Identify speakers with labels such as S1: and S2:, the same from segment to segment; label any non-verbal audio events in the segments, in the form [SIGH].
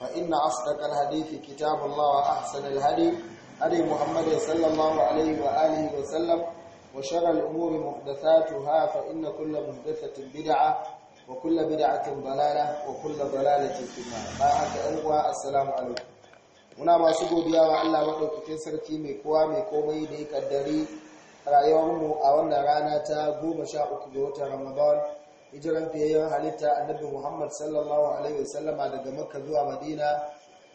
S1: فإن أصدق الحديث كتاب الله وأحسن الهدي هدي محمد صلى الله عليه وآله وسلم وشر الأمور محدثاتها فإن كل محدثة بدعة وكل بدعة ضلالة وكل ضلالة في النار باعك ألوى السلام عليكم muna masu godiya wa Allah maɗaukakin sarki mai kowa mai komai da ya kaddari rayuwarmu a wannan rana ta goma sha uku ga watan Ramadan hijiran fiyayyen halitta annabi Muhammad sallallahu alaihi wasallama daga Makka zuwa Madina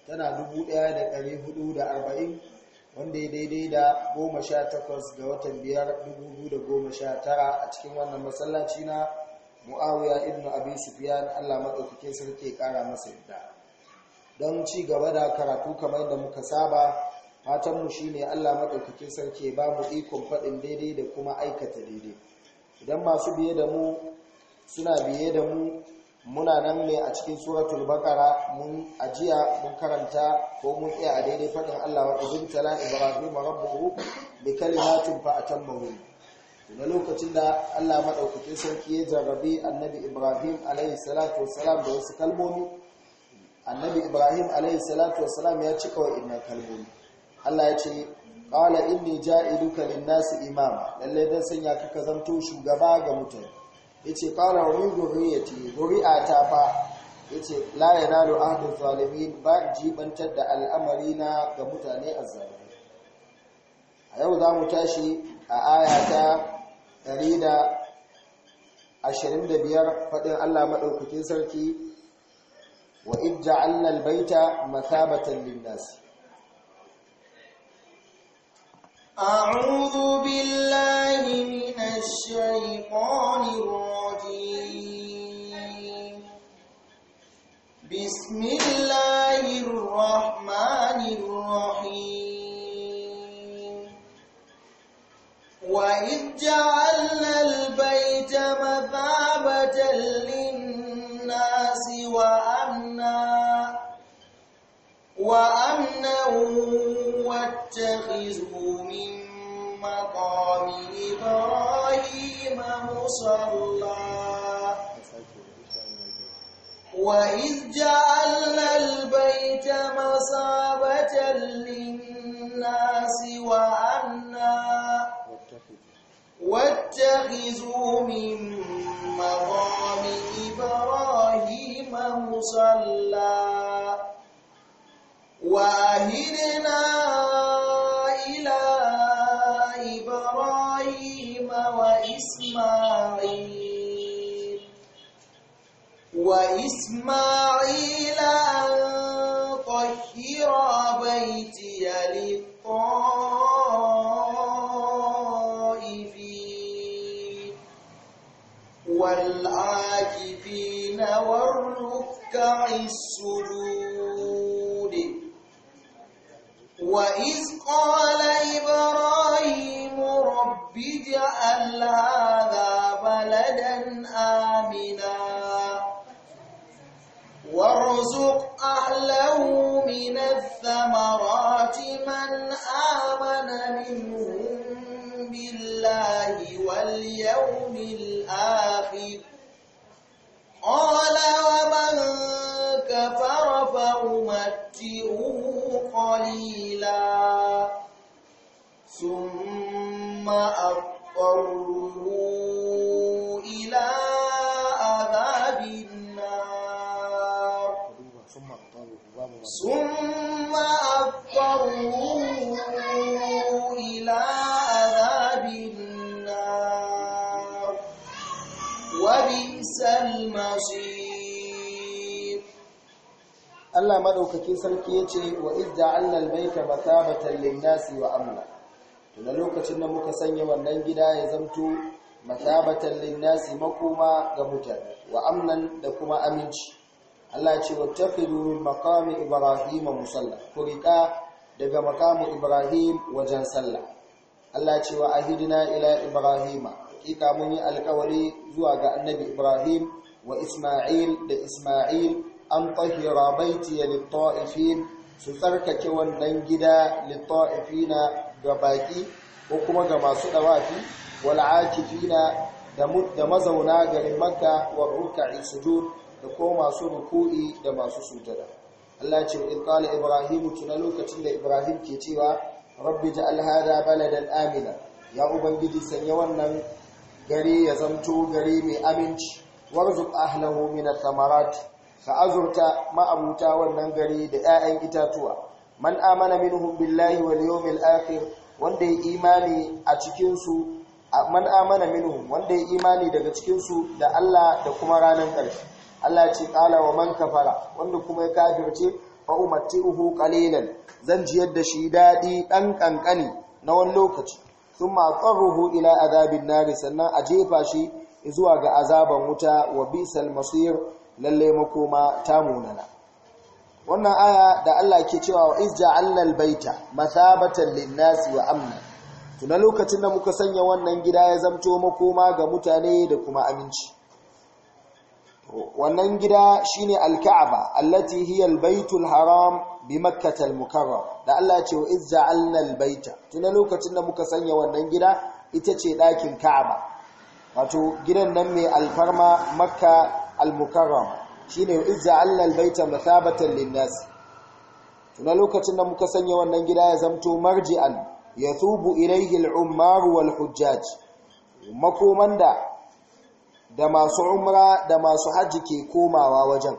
S1: tana 1440 wanda ya daidai da 18 ga watan 5 2019 a cikin wannan masallaci na Muawiya ibn Abi sufiyan Allah madaukakin sarki ke kara masa yadda don ci gaba da karatu kamar da muka saba fatanmu shi ne Allah maɗaukakin sarki ba mu ikon faɗin daidai da kuma aikata daidai idan masu biye da mu suna biye da mu muna nan ne a cikin suratul bakara mun ajiya mun karanta ko mun iya a daidai faɗin Allah wa ibn tala ibrahim rabbuhu bi kalimatin fa atammahu na lokacin da Allah madaukakin sarki ya jarrabi annabi ibrahim alaihi salatu wassalam da wasu kalmomi annabi ibrahim alaihi salatu wassalam ya cika wa'innan kalmomi Allah ya ce qala inni duka lin-nasi imama lallai dan sanya ka zamto shugaba ga mutane yace qala ya min guri'a ta fa yace layana yanalu ahdul zalimin ba jibantar da al'amari na ga mutane azzalimi a yau za mu tashi a ayata 125 faɗin Allah maɗaukakin sarki wa id ja'alna baita mathabatan lin
S2: أعوذ بالله من الشيطان الرجيم بسم الله الرحمن الرحيم وإذ جعلنا البيت مثابة للناس وأمنا وأمنا واتخذوا مقام إبراهيم مصلى وإذ جعلنا البيت مصابة للناس وأمنا واتخذوا من مقام إبراهيم مصلى وأهلنا إسماعيل وإسماعيل أن طهر بيتي للطائفين والعاكفين والركع السجود وإذ قال اجعل هذا بلدا آمنا
S1: وارزق
S2: أهله من الثمرات من آمن منهم بالله واليوم الآخر قال
S1: Allah madaukakin sarki ya ce wa izda annal baita matabatan linnasi wa amna na lokacin da muka sanya wannan gida ya zamto matabatan linnasi makoma ga mutane wa amnan da kuma aminci Allah ce wattakhidhu min maqami ibrahima musalla kurika daga makamin ibrahim wajen sallah Allah ce wa ahidna ila ibrahima hakika mun yi alƙawari zuwa ga annabi ibrahim wa isma'il da isma'il an tahira baiti lit-ta'ifin su tsarkake wannan gida lit-ta'ifina ga baki ko kuma ga masu dawafi wal akifina da mazauna garin makka wa ruk'i sujud da ko masu ruku'i da masu sujada Allah ce in qala ibrahim tuna lokacin da ibrahim ke cewa rabbi ja'al hadha baladan amina ya ubangiji sanya wannan gari ya zamto gari mai aminci warzuq ahlahu min Samaratu, thamarat ka azurta ma'abuta wannan gari da 'ya'yan itatuwa man amana minhum billahi wal yawmil akhir wanda ya imani a cikin su man amana minhum wanda ya imani daga cikin su da Allah da kuma ranar ƙarshe Allah ce qala wa man kafara wanda kuma ya kafirce fa umatti'uhu qalilan zan jiyar da shi dadi dan kankani na wani lokaci thumma qarruhu ila azabin nar sannan a jefa shi zuwa ga azaban wuta wa bisal masir lalle makoma ta munana wannan aya da Allah ke cewa wa baita baita mathabatan linnasi wa amna tuna lokacin da muka sanya wannan gida ya zamto makoma ga mutane da kuma aminci wannan gida shine alka'aba allati hiya albaytul haram bi makkah almukarram da Allah ce wa baita baita, tuna lokacin da muka sanya wannan gida ita ce dakin ka'aba wato gidan nan mai alfarma makka almukarram shine izza allal baita mathabatan linnas tuna lokacin da muka sanya wannan gida ya zamto marji'an Yatubu, ilayhi al wal hujjaj makoman da da masu umra da masu haji ke komawa wajen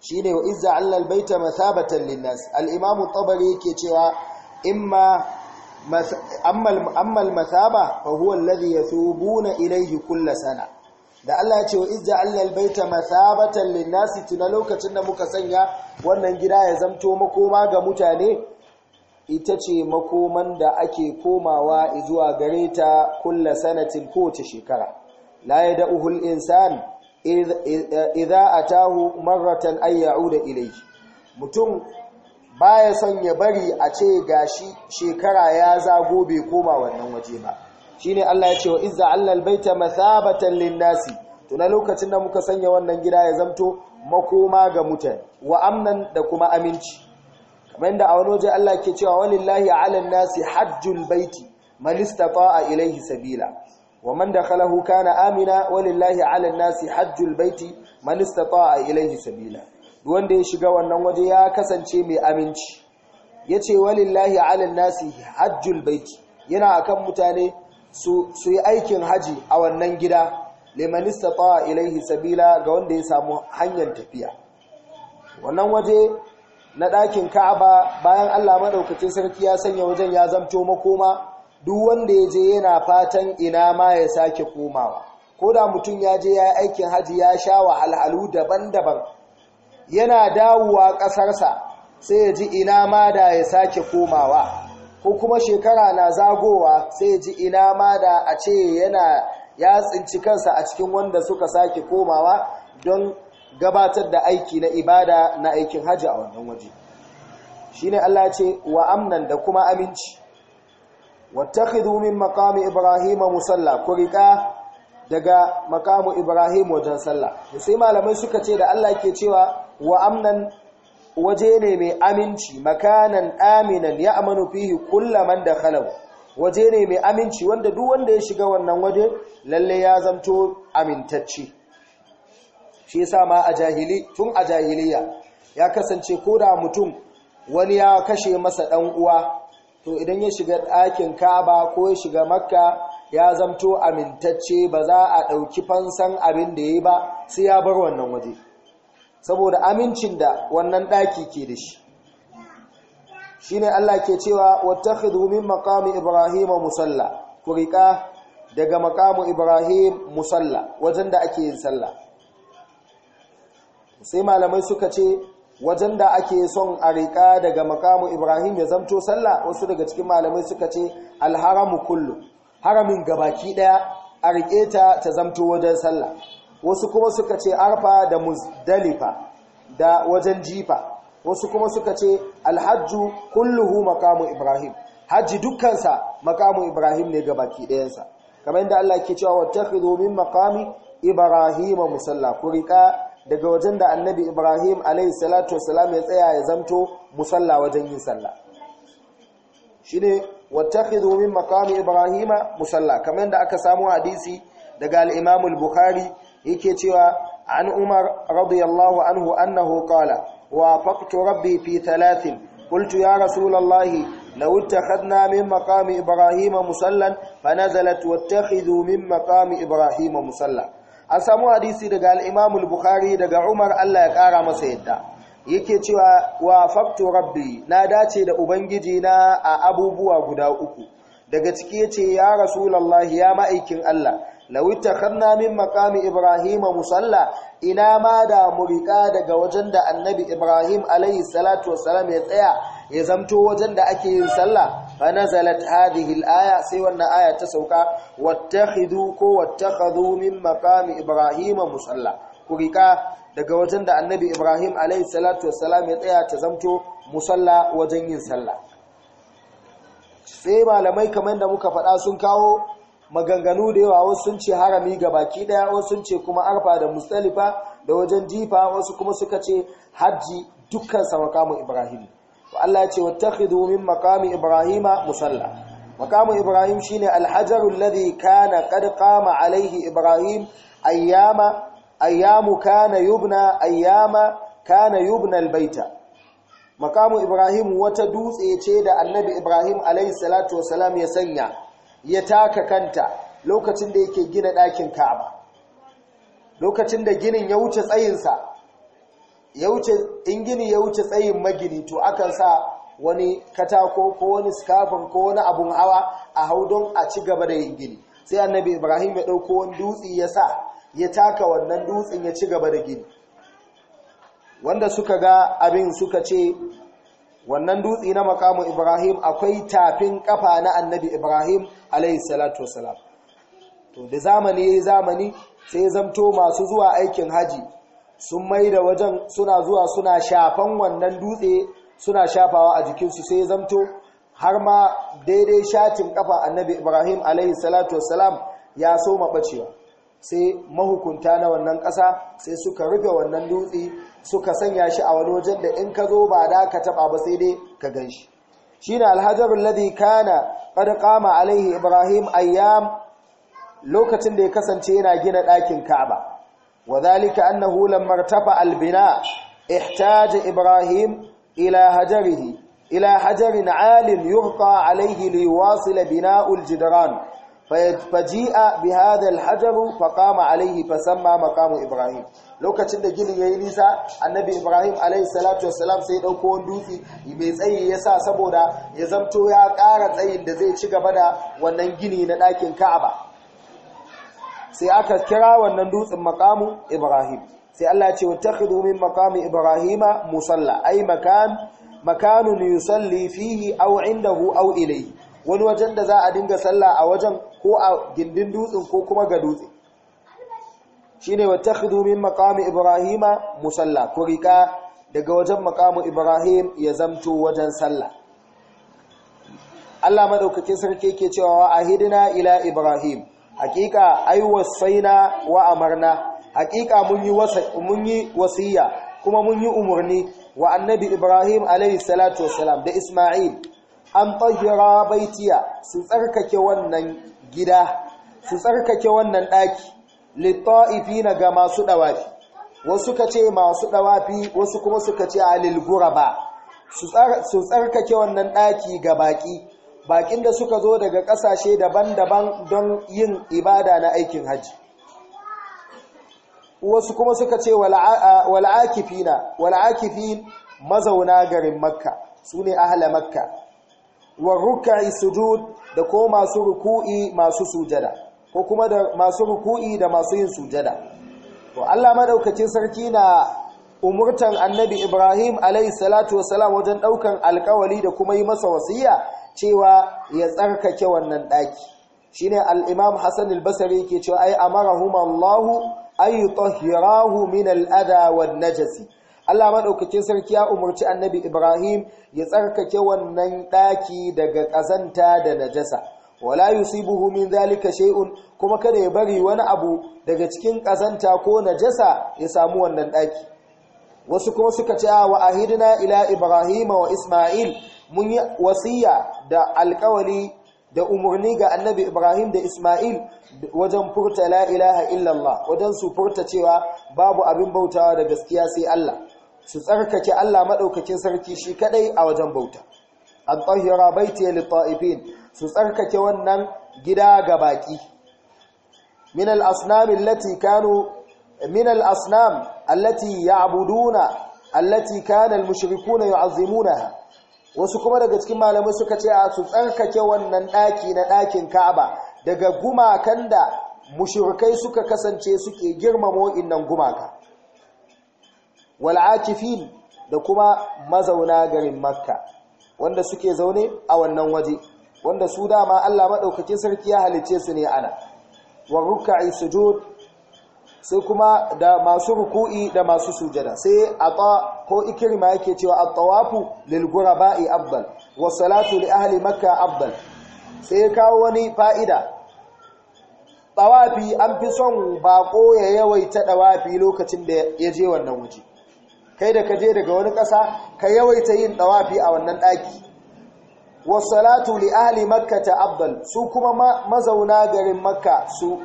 S1: shine wa izza allal baita mathabatan linnas al-imam at-tabari yake cewa imma amma amma al-mathaba fa huwa alladhi yathubuna ilayhi kull sana da Allah ya ce wa izza allal baita masabatan linnasi tuna lokacin da muka sanya wannan gida ya zamto makoma ga mutane ita ce makoman da ake komawa zuwa gare ta kulla sanatin ko ta shekara la yad'uhu al-insan idza atahu marratan ay ya'uda ilayhi mutum baya son ya bari a ce gashi shekara ya zago bai koma wannan waje ba shine Allah ya ce wa izza allal baita masabatan linnasi to na lokacin da muka sanya wannan gida ya zamto makoma ga mutane wa amnan da kuma aminci kamar da a wani waje Allah ke cewa walillahi alal nasi hajjul baiti man istata'a ilaihi sabila wa man dakhalahu kana amina walillahi alal nasi hajjul baiti man istata'a ilayhi sabila duk wanda ya shiga wannan waje ya kasance mai aminci yace walillahi alal nasi hajjul baiti yana akan mutane su yi aikin haji a wannan gida lemanista istata'a ilaihi sabila ga wanda ya samu hanyar tafiya wannan waje na ɗakin Ka'aba bayan Allah maɗaukacin sarki ya sanya wajen ya zamto makoma duk wanda ya je yana fatan ina ma ya sake komawa ko da mutum ya je ya aikin haji ya sha wahalhalu daban-daban yana dawowa ƙasarsa sai ya ji ina ma da ya sake komawa ko kuma shekara na zagowa sai ji ina ma da a ce yana ya tsinci kansa a cikin wanda suka sake komawa don gabatar da aiki na ibada na aikin hajji a wannan waje shine Allah ce wa amnan da kuma aminci wattakhidhu min maqami ibrahima musalla ku riƙa daga maqamu ibrahim wajen sallah sai malamai suka ce da Allah ke cewa wa amnan waje ne mai aminci makanan aminan ya amanu fihi kullaman da khalau waje ne mai aminci wanda duk wanda ya shiga wannan waje lalle ya zanto amintacci shi yasa ma a jahili tun a jahiliya ya kasance ko da mutum wani ya kashe masa dan uwa to idan ya shiga ɗakin Ka'aba ko ya shiga Makka ya zanto amintacce ba za a ɗauki fansan abin da yayi ba sai ya bar wannan waje saboda amincin da wannan ɗaki ke da shi Shi ne Allah ke cewa wata min maqami ibrahima musalla ku riƙa daga makamu ibrahim musalla wajen da ake yin salla. sai malamai suka ce wajen da ake son a riƙa daga makamu ibrahim ya zamto salla wasu daga cikin malamai suka ce alharamu kullum haramin gabaki ɗaya a riƙe ta ta zamto wajen sallah wasu kuma suka ce arfa da muzdalifa da wajen jifa wasu kuma suka ce alhajju kulluhu makamu ibrahim hajji dukkansa makamu ibrahim ne ga baki ɗayansa kamar yadda Allah ke cewa wattakhidhu min maqami ibrahim musalla ku rika daga wajen da annabi ibrahim alayhi salatu wassalam ya tsaya ya zanto musalla wajen yin sallah shine wattakhidhu min maqami ibrahim musalla kamar yadda aka samu hadisi daga al-imam al-bukhari yake cewa an umar radiyallahu anhu annahu qala fakto rabbi fi thalathin qultu ya rasulallahi لو اتخذنا من مقام إبراهيم مصلا فنزلت واتخذوا min مقام Ibrahim مصلا an samu hadisi daga al bukhari daga Umar Allah ya kara masa yadda yake cewa wa faqtu rabbi na dace da ubangiji na a abubuwa guda uku daga ciki yace ya rasulullahi ya ma'aikin Allah lawita khanna min maqami ibrahima musalla ina ma da murika daga wajen da annabi ibrahim alayhi salatu wassalam ya tsaya ya zamto wajen da ake yin sallah fa nazalat hadhihi alaya sai wannan aya ta sauka wattakhidu ko wattakhadhu min maqami ibrahima musalla kurika daga wajen da annabi ibrahim alayhi salatu wassalam ya tsaya ta zamto musalla wajen yin sallah sai malamai kamar da muka faɗa sun kawo maganganu da yawa wasu sun ce harami ga baki daya wasu sun ce kuma arfa da musalifa da wajen jifa wasu kuma suka ce hajji dukkan sa ibrahim to Allah ya ce wattakhidhu min maqami ibrahima musalla maqamu ibrahim shine alhajar alladhi kana qad qama alayhi ibrahim ayyama ayyamu kana yubna ayyama kana yubna albayta maqamu ibrahim wata dutse ce da annabi ibrahim alayhi salatu wasalam ya sanya ya taka kanta lokacin da yake gina ɗakin ka'aba lokacin da ginin ya wuce tsayinsa ya wuce in gini ya wuce tsayin magini to akan sa wani katako ko wani skafin ko wani abun hawa a hau don a ci gaba da yin gini sai annabi ibrahim ya ɗauko wani dutse ya sa ya taka wannan dutsen ya ci gaba da gini wanda suka ga abin suka ce wannan dutse na makamu ibrahim akwai tafin kafa na annabi ibrahim alayhi salatu wasalam to da zamani yayi zamani sai zamto masu zuwa aikin haji sun mai da wajen suna zuwa suna shafan wannan dutse suna shafawa a jikinsu sai zamto har ma daidai shatin kafa annabi ibrahim alayhi salatu wasalam ya so maɓacewa sai mahukunta na wannan ƙasa sai suka rufe wannan dutse suka sanya shi a wani wajen da in ka zo ba da ka taba ba sai dai ka gan shi shine alhajar ladi kana qad qama alaihi ibrahim ayyam lokacin da ya kasance yana gina ɗakin ka'aba zalika annahu lamar tafa albina ihtaja ibrahim ila hajarihi إلى حجر عال يرقى fa ليواصل faji'a bi فجيء بهذا الحجر alaihi fa فسمى مقام ibrahim. lokacin da ginin yi nisa annabi ibrahim alayhi wassalam sai daukowar wani dutse mai tsayi ya sa saboda ya zamto ya kara tsayin da zai ci gaba da wannan gini na ɗakin ka'aba sai aka kira wannan dutsen makamu ibrahim sai Allah ce ce wattakhidhu min makamu ibrahima musalla ai makan makanun yusalli fihi aw indahu aw ilayhi wani wajen da za a dinga sallah a wajen ko a gindin dutsen ko kuma ga dutse shine wattakhidhu min maqami ibrahima musalla ku rika daga wajen maqamu ibrahim ya zamto wajen sallah Allah madaukakin sarki yake cewa ahidina ila ibrahim hakika ai wasaina wa amarna hakika mun yi mun yi wasiya kuma mun yi umurni wa annabi ibrahim alayhi salatu wassalam da isma'il an tahira baitiya su tsarkake wannan gida su tsarkake wannan daki na ga masu dawafi wasu ka ce masu dawafi wasu kuma suka ce alil guraba su tsarkake wannan ɗaki ga baƙi, baƙin da suka zo daga ƙasashe daban-daban don yin ibada na aikin hajji, wasu kuma suka ce wal'akifina wal'akifi mazauna garin makka su ne ahla makka wa ruka'i sujud da ko masu ruku'i masu sujada ko kuma da masu ruku'i da masu yin sujada to Allah madaukakin sarki na umurtan annabi Ibrahim alayhi salatu wassalam wajen daukan alkawali da kuma yi masa wasiya cewa ya tsarkake wannan daki shine al-Imam Hassan al-Basri yake cewa ai amarahum Allah ay tahirahu min al-adha wan najasi Allah madaukakin sarki ya umurci annabi Ibrahim ya tsarkake wannan daki daga kazanta da najasa wala yusibuhu min zalika shay'un kuma kada ya bari wani abu daga cikin kazanta ko najasa ya samu wannan daki wasu kuma suka ce wa ahidna ila ibrahima wa isma'il mun yi wasiya da alkawali da umarni ga annabi ibrahim da isma'il wajen furta la ilaha illallah wajen su furta cewa babu abin bautawa da gaskiya sai Allah su tsarkake Allah madaukakin sarki shi kadai a wajen bauta an tahira baiti lil ta'ifin su tsarkake wannan gida ga baƙi. min al-asnam allati kanu min al-asnam allati ya'buduna allati kana al yu'azzimunaha wasu kuma daga cikin malamai suka ce a su tsarkake wannan daki na dakin Ka'aba daga gumakan da mushrikai suka kasance suke girmamo innan gumaka wal da kuma mazauna garin Makka wanda suke zaune a wannan waje wanda su dama Allah maɗaukakin sarki ya halice su ne ana wa ruk'i sujud sai kuma da masu ruku'i da masu sujada sai ata ko ikrima yake cewa at-tawafu lil ghuraba'i afdal wa salatu li ahli makkah afdal sai kawo wani fa'ida tawafi an fi son baƙo ya yawaita tawafi lokacin da ya je wannan waje kai da ka je daga wani ƙasa ka yawaita yin tawafi a wannan ɗaki wasalatu li ahli makka ta abdal su kuma mazauna garin makka su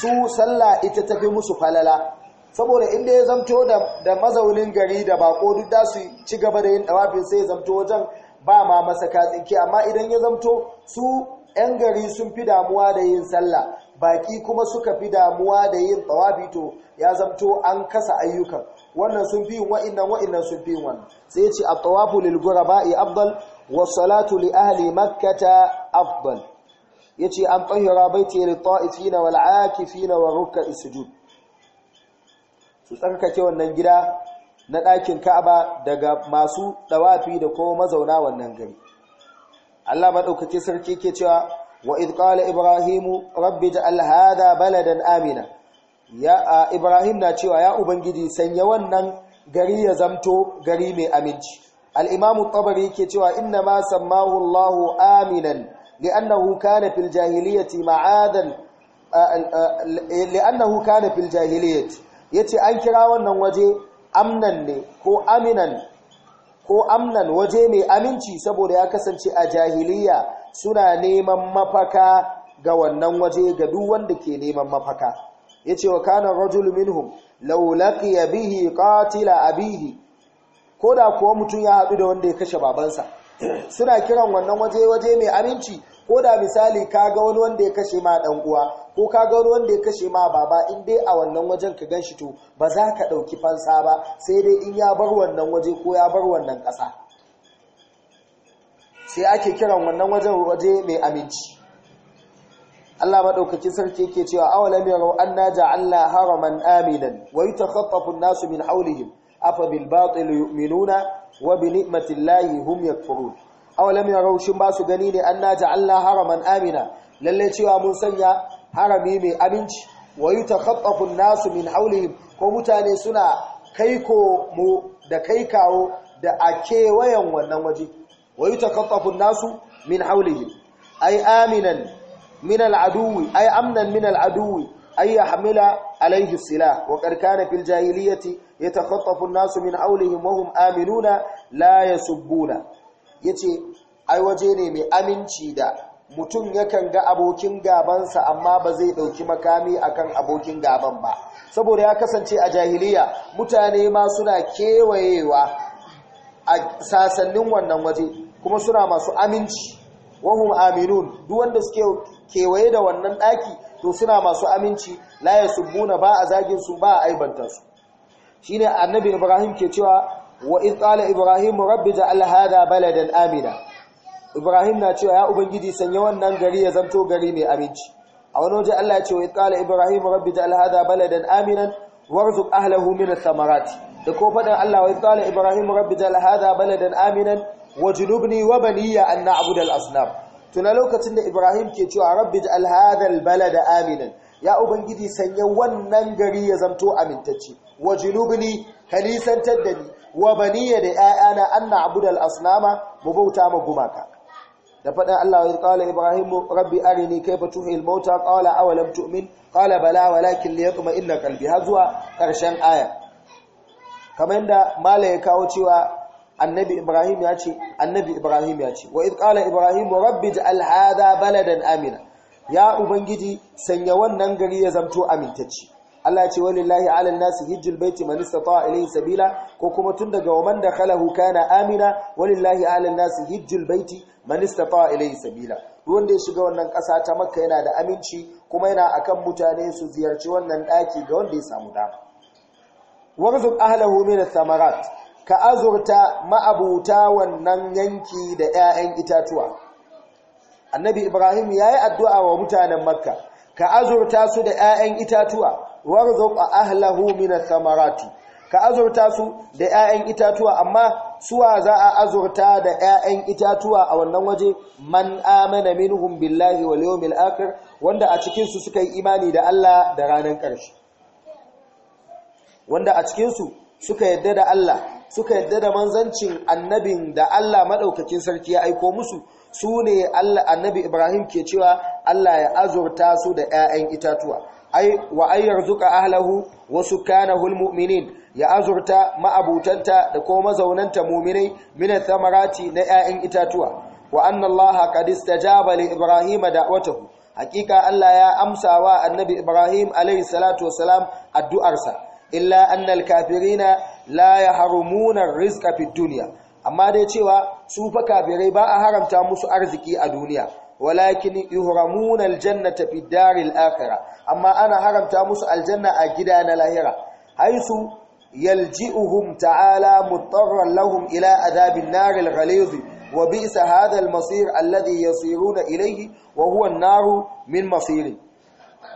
S1: su sallah ita tafi musu falala saboda inda ya zamto da mazaunin gari da bako duk da su ci gaba da yin dawafin sai ya zamto wajen ba ma masa katsinki amma idan ya zamto su yan gari sun fi damuwa da yin sallah baki kuma suka fi damuwa da yin tawafi to ya zamto an kasa ayyukan wannan sun fi wa'innan wa'innan sun fi wannan sai ya ce at-tawafu lil ghuraba'i afdal wasalatu li ahli makkata afdal yace an tahira baiti lil ta'ifina wal akifina wa sujud su tsarkake wannan gida na ɗakin Ka'aba daga masu dawafi da kuma mazauna wannan gari Allah madaukake sarki ke cewa wa id qala ibrahimu rabbi ja'al hadha baladan amina ya ibrahim na cewa ya ubangiji sanya wannan gari ya zamto gari mai aminci al-imam tabari yake cewa inna ma sammahu Allah aminan li'annahu kana fil jahiliyyati ma'adan li'annahu kana yace an kira wannan waje amnan ne ko amnan waje mai aminci saboda ya kasance a jahiliya suna neman mafaka ga wannan waje ga duk wanda ke neman mafaka yace wa kana rajul minhum law ya bihi a bihi. ko da kuwa mutum ya haɗu da wanda ya kashe babansa [CLEARS THROAT] suna kiran wannan waje waje mai aminci ko da misali ka ga wani wanda ya kashe ma dan uwa ko ka ga wani wanda ya kashe ma baba in dai a wannan wajen ka gan shi to ba za ka ɗauki fansa ba sai dai in ya bar wannan waje ko ya bar wannan ƙasa sai ake kiran wannan wajen waje mai aminci Allah maɗaukaki sarki yake cewa awalamiyar yarau anna Allah haraman aminan wa ta an-nasu min haulihim afa bil batil yu'minuna wa bi ni'matillahi hum yakfurun aw lam yaraw shin ba su gani ne anna ja'alna haraman amina lalle cewa mun sanya harami mai aminci wa yutakhaffafu an-nasu min hawlihim ko mutane suna kaiko mu da kai kawo da a kewayen wannan waje wa yutakhaffafu an-nasu min hawlihim ay aminan min al-aduwi ay amnan min al-aduwi أن يحمل عليه السلاح وقد كان في الجاهلية يتخطف الناس من حولهم وهم آمنون لا يسبون يتي waje ne mai aminci da mutum yakan ga abokin gabansa amma ba zai ɗauki makami akan abokin gaban ba saboda ya kasance a jahiliya mutane ma suna kewayewa a sasannin wannan waje kuma suna masu aminci wahum aminun duk wanda suke kewaye da wannan ɗaki to suna masu aminci la yasubbuna ba a zagin su ba a aibanta su shine annabi ibrahim ke cewa wa in qala ibrahim rabbi ja'al hada baladan amina ibrahim na cewa ya ubangiji sanya wannan gari ya zanto gari mai aminci a wani waje Allah ya ce wa in qala ibrahim rabbi ja'al hada baladan aminan warzuq ahlihi min ath da ko fadan Allah wa in qala ibrahim rabbi ja'al hada baladan aminan wajnubni wa baniya an na'budu asnam tuna lokacin da Ibrahim ke cewa rabbi ja'al hadhal balada aminan ya ubangiji sanya wannan gari ya zamto amintacce wajnubni kanisantar da ni wa baniya da 'ya'yana anna abudal asnama mu bauta ma gumaka da faɗin Allah ya kala Ibrahim rabbi arini kayfa tuhil mauta qala awalam tu'min qala bala walakin liyatma inna qalbi har zuwa ƙarshen aya kamar yadda mala ya kawo cewa annabi ibrahim ya ce annabi ibrahim ya ce wa idh ibrahim rabbi ja'al hadha baladan amina ya ubangiji sanya wannan gari ya zamto amintacci Allah ce walillahi ala nasi hijjul baiti man istata'a ilayhi sabila ko kuma tun daga waman khalahu kana amina walillahi ala nasi hijjul baiti man istata'a ilayhi sabila wanda ya shiga wannan kasa ta makka yana da aminci kuma yana akan mutane su ziyarci wannan daki ga wanda ya samu dama warzuq ahlahu min ath-thamarat ka azurta ma'abuta wannan yanki da 'ya'yan itatuwa annabi ibrahim ya yi addu'a wa mutanen makka ka azurta su da 'ya'yan itatuwa a ahlahu mina samarati ka azurta su da 'ya'yan itatuwa amma suwa za a azurta da 'ya'yan itatuwa a wannan waje man amana minhum billahi wal yawmil akhir wanda a cikinsu suka yi imani da Allah da ranar ƙarshe wanda a cikinsu. suka yadda da Allah suka yadda da manzancin annabin da Allah madaukakin sarki ya aiko musu su ne annabi Ibrahim ke cewa Allah ya azurta su da 'ya'yan itatuwa ai wa ayyarzuka ahlahu wasu sukanahu ya azurta ma'abutanta da kuma mazaunanta mu'minai min marati na 'ya'yan itatuwa wa anna Allah qad istajaba li Ibrahim Allah ya amsa wa annabi Ibrahim alayhi salatu wasalam addu'arsa illa annal kafirina la harumuna rizqa fi duniya amma dai cewa su fa kafirai ba a haramta musu arziki a duniya walakin yuhramuna aljannata fi daril akhirah amma ana haramta musu aljanna a gida na lahira haisu yaljiuhum يلجئهم تعالى مضطرا لهم إلى عذاب النار الغليظ وبئس هذا المصير الذي يصيرون إليه وهو naru min مصير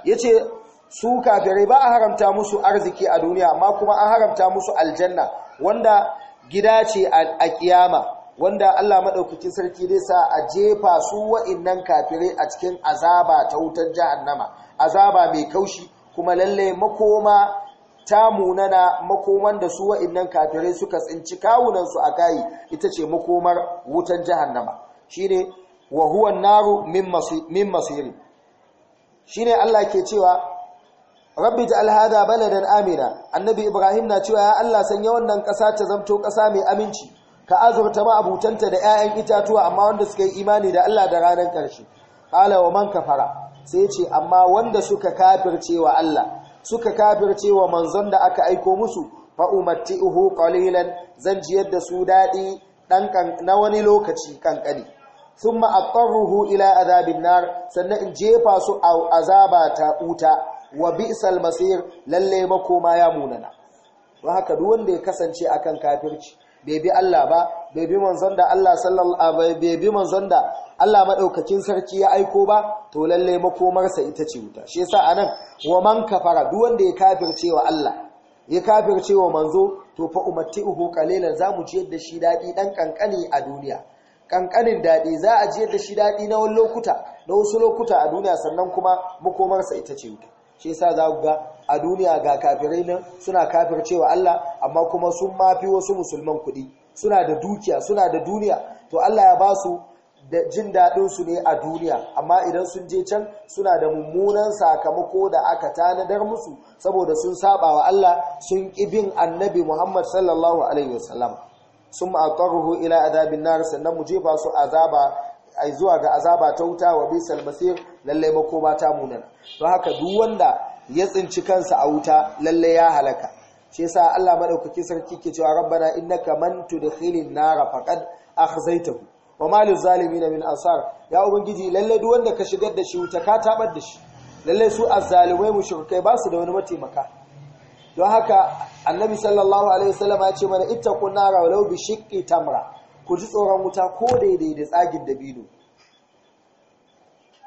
S1: yace su kafirai ba a haramta musu arziki a duniya amma kuma an haramta musu aljanna wanda gida ce a kiyama wanda Allah maɗaukacin sarki zai sa a jefa su wa'innan kafirai a cikin azaba ta wutar jahannama azaba mai kaushi kuma lalle makoma ta munana makoman da su wa'innan kafirai suka tsinci kawunansu a kayi. ita ce makomar wutar jahannama shine wa huwa naru min Shi shine Allah ke cewa rabbi ja'al hadha baladan amina annabi ibrahim na cewa ya Allah sanya wannan ƙasa ta zamto ƙasa mai aminci ka azurta ma abutanta da 'ya'yan itatuwa amma wanda suka yi imani da Allah da ranar ƙarshe qala wa man kafara sai ya ce amma wanda suka kafirce wa Allah suka kafirce wa manzon da aka aiko musu fa Uhu qalilan zan jiyar da su daɗi ɗan na wani lokaci kankani thumma ruhu ila azabin nar sannan in jefa su azaba ta wuta wa bi'sal masir lalle makoma ya munana don haka duk wanda ya kasance akan kafirci bai bi Allah ba bai bi manzon da Allah sallallahu bai bi manzon da Allah madaukakin sarki ya aiko ba to lalle makomarsa ita ce wuta shi yasa anan wa man kafara duk wanda ya kafirce wa Allah ya kafirce wa manzo to fa umatti'uhu qalilan zamu ji yadda shi dadi dan kankani a duniya kankanin dadi za a ji yadda shi dadi na wani lokuta na wasu lokuta a duniya sannan kuma makomarsa ita ce wuta shi yasa za ga a duniya ga kafirai nan suna cewa Allah amma kuma sun mafi wasu musulman kuɗi suna da dukiya suna da duniya to Allah ya ba su da jin daɗin su ne a duniya amma idan sun je can suna da mummunan sakamako da aka tanadar musu saboda sun saba wa Allah sun bin annabi Muhammad sallallahu alaihi wasallam sun ma'aqarruhu ila adabin nar sannan mu jefa su azaba ai zuwa ga azaba ta wuta wa bisal masir lallai makoma ta munana don haka duk wanda ya tsinci kansa a wuta lallai ya halaka shi yasa Allah madaukaki sarki ke cewa rabbana innaka man tudkhilin nar faqad akhzaytahu wa ma zalimin min asar ya ubangiji lallai duk wanda ka shigar da shi wuta ka tabar da shi lallai su azzalumai mushrikai ba su da wani mataimaka don haka annabi sallallahu alaihi wasallam ya ce mana ittaqun nar walau bi shiqqi tamra ku ji tsoron wuta ko daidai da tsagin dabino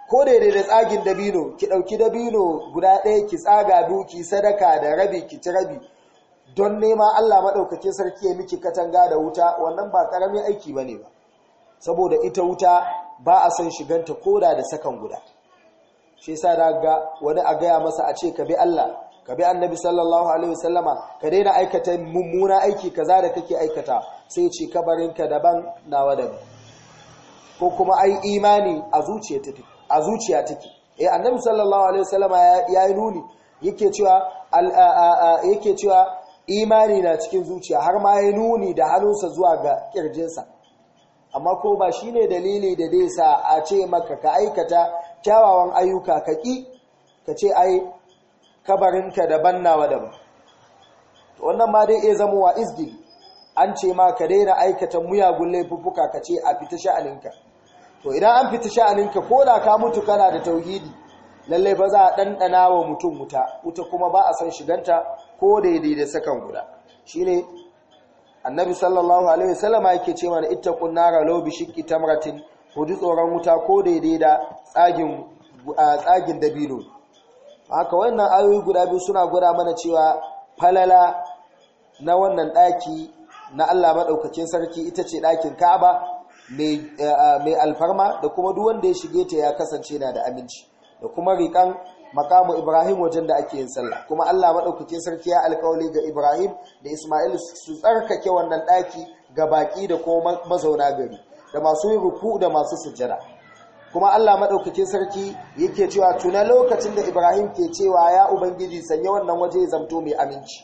S1: ko daidai da tsagin dabino ki ɗauki dabino guda ɗaya ki tsaga duki, sadaka da rabi ki ci rabi don nema Allah maɗaukake sarki ya miki katanga da wuta wannan ba ƙaramin aiki ba ne ba saboda ita wuta ba a son shiganta ko da da sakan guda shi yasa da ga wani a gaya masa a ce ka bi Allah ka bi annabi sallallahu alaihi wasallama ka daina aikata mummuna aiki kaza da kake aikata sai ce kabarinka daban nawa daban ko kuma ai imani a zuciya take a zuciya take eh annabi sallallahu alaihi wasallama yayi nuni yake cewa yake cewa imani na cikin zuciya har ma ya nuni da hannunsa zuwa ga kirjinsa amma ko ba shine dalili da zai sa a ce maka ka aikata kyawawan ayyuka ka ki ka ce ai kabarinka daban nawa daban wannan ma dai iya zamowa izgil an ce ma ka daina aikata muyagun laifuffuka ka ce a fita sha'aninka to idan an fita sha'aninka ko da ka mutu kana da tauhidi lallai ba za a ɗanɗana wa mutum wuta wuta kuma ba a san shiganta ko daidai da sakan guda Shi ne, annabi sallallahu alaihi wasallama yake ce mana ita kunna lobi bi shiqqi tamratin hudu tsoron wuta ko daidai da tsagin tsagin dabino haka wannan ayoyi guda biyu suna gwada mana cewa falala na wannan ɗaki na Allah maɗaukacin sarki ita ce ɗakin Ka'aba Eh, mai alfarma da kuma duk wanda ya shige ta ya kasance na da aminci da kuma rikan makamu Ibrahim wajen da ake yin sallah kuma Allah maɗaukake sarki ya alƙawali ga Ibrahim da Ismail su tsarkake wannan ɗaki ga baƙi da kuma mazauna gari da masu yin ruku da masu sujjada kuma Allah maɗaukake sarki yake cewa tuna lokacin da Ibrahim ke cewa ya ubangiji sanya wannan waje ya zamto mai aminci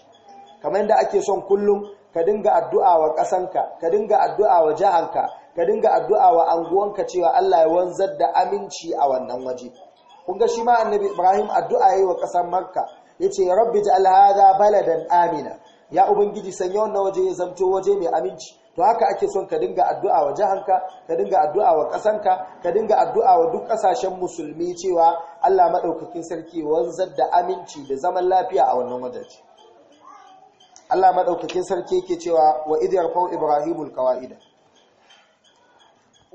S1: kamar yadda ake son kullum ka dinga addu'a wa ƙasanka ka dinga addu'a wa jahanka ka dinga addu'a wa anguwanka cewa Allah ya wanzar da aminci a wannan waje kun ga shi ma annabi Ibrahim addu'a yayi wa kasar Makka yace rabbi ja'al hadha baladan amina ya ubangiji sanya wannan waje ya zamto waje mai aminci to haka ake son ka dinga addu'a wa jahanka ka ka dinga addu'a wa kasanka ka dinga addu'a wa duk kasashen musulmi cewa Allah madaukakin sarki ya wanzar da aminci da zaman lafiya a wannan waje Allah madaukakin sarki yake cewa wa idh yarfa'u ibrahimul qawaida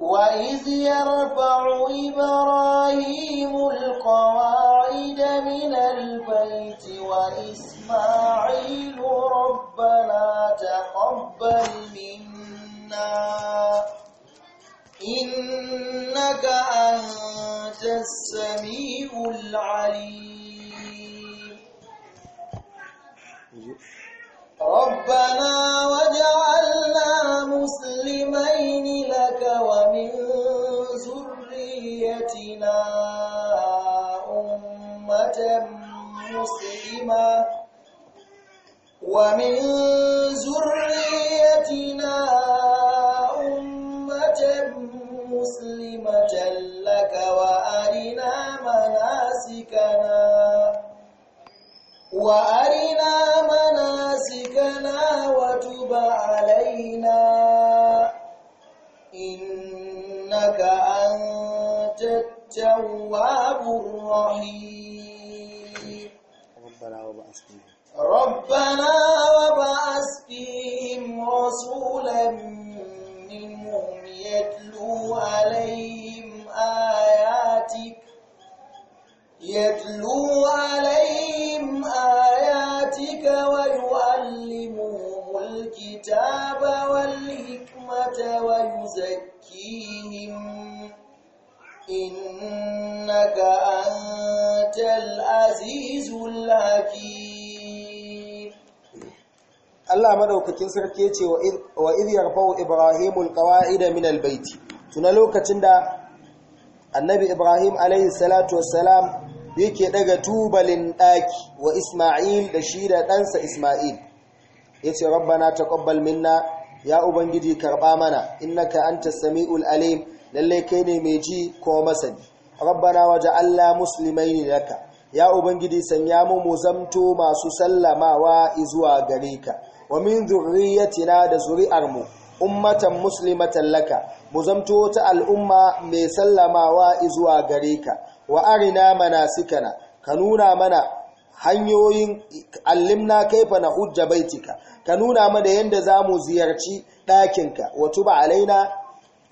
S2: وإذ يرفع إبراهيم القواعد من البيت وإسماعيل ربنا تقبل منا إنك أنت السميع العليم ربنا ومن ذريتنا أمة مسلمة لك وأرنا مناسكنا وأرنا مناسكنا وتب علينا إنك أنت التواب الرحيم ربنا وبعث ربنا منهم يتلو عليهم آياتك
S1: يتلو
S2: عليهم آياتك ويعلمهم الكتاب والحكمة ويزكيهم إنك أنت العزيز الحكيم
S1: Allah madaukakin sarki yace wa idh yarfa'u ibrahimul qawa'ida min albayti tuna lokacin da annabi ibrahim alayhi salatu wassalam yake daga tubalin daki wa isma'il da shi da ɗansa isma'il yace rabbana taqabbal minna ya ubangiji karba mana innaka antas samiul alim lalle kai ne mai ji ko masani rabbana waj'alna muslimaini laka ya ubangiji sanya mu mu zamto masu sallamawa zuwa gare ka wa min zurriyatina da zuri'armu ummatan muslimatan laka mu ta al'umma mai sallamawa zuwa gare ka wa arina manasikana ka nuna mana hanyoyin allimna kaifa na hujja baitika ka nuna mana yadda za mu ziyarci ɗakinka wa tuba alaina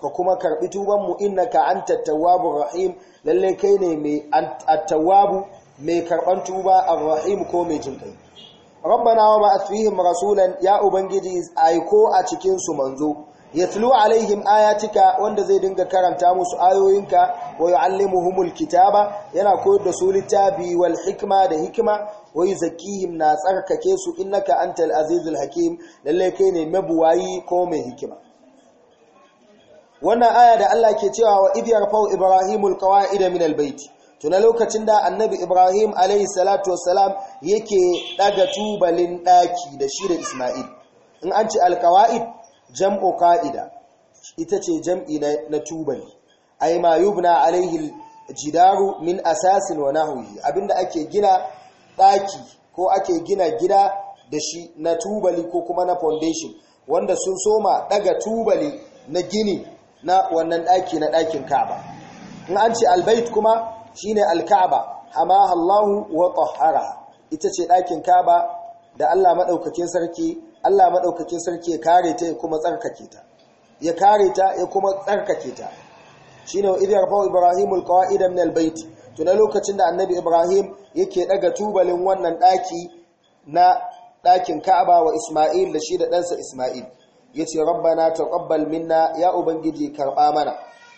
S1: ka kuma karɓi tubanmu innaka anta tawwabur rahim lalle kai ne mai attawabu mai karɓan tuba ar-rahim ko mai jinkai rabbana wa ba'ath fihim rasulan ya ubangiji aiko a cikin su manzo yatlu alaihim ayatika wanda zai dinga karanta musu ayoyinka wa yuallimuhumul kitaba yana koyar da su littafi wal hikma da hikima wa yuzakkihim na tsarkake su innaka antal azizul hakim lalle kai ne mabuwayi ko mai hikima wannan aya da Allah ke cewa wa idh yarfa'u ibrahimul qawa'ida minal baiti tuna lokacin da annabi ibrahim A.S. salatu yake daga tubalin daki da shi da isma'il in an ci alkawa'id jam'u ka'ida ita ce jam'i na tubali ay ma yubna alaihi jidaru min asasin wa nahwihi abinda ake gina daki ko ake gina gida da shi na tubali ko kuma na foundation wanda sun soma daga tubali na gini na wannan daki na dakin kaba in an ci albait kuma shine alka'aba hamaha Allahu wa tahharaha ita ce ɗakin ka'aba da Allah madaukakin sarki Allah madaukakin sarki ya kare ta ya kuma tsarkake ta ya kare ta ya kuma tsarkake ta shine idh Ibrahim ibrahimu alqa'ida min albayt tuna lokacin da annabi ibrahim yake daga tubalin wannan ɗaki na ɗakin ka'aba wa isma'il da shi da ɗansa isma'il yace rabbana taqabbal minna ya ubangiji karɓa mana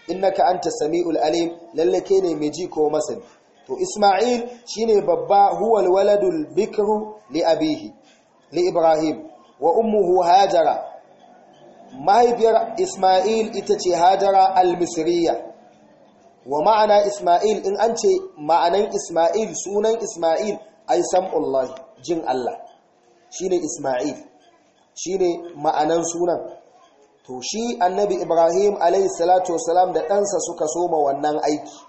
S1: innaka anta samiul alim lalle ne mai ji ko masani to isma'il shine babba huwal waladul bikru li abihi li ibrahim wa ummuhu hajara mahaifiyar isma'il ita ce hajara al-misriya wa ma'ana isma'il in an ce ma'anan isma'il sunan isma'il ai sam'ullah jin Allah shine isma'il shine ma'anan sunan to shi annabi ibrahim salatu wasalam da ɗansa suka soma wannan aiki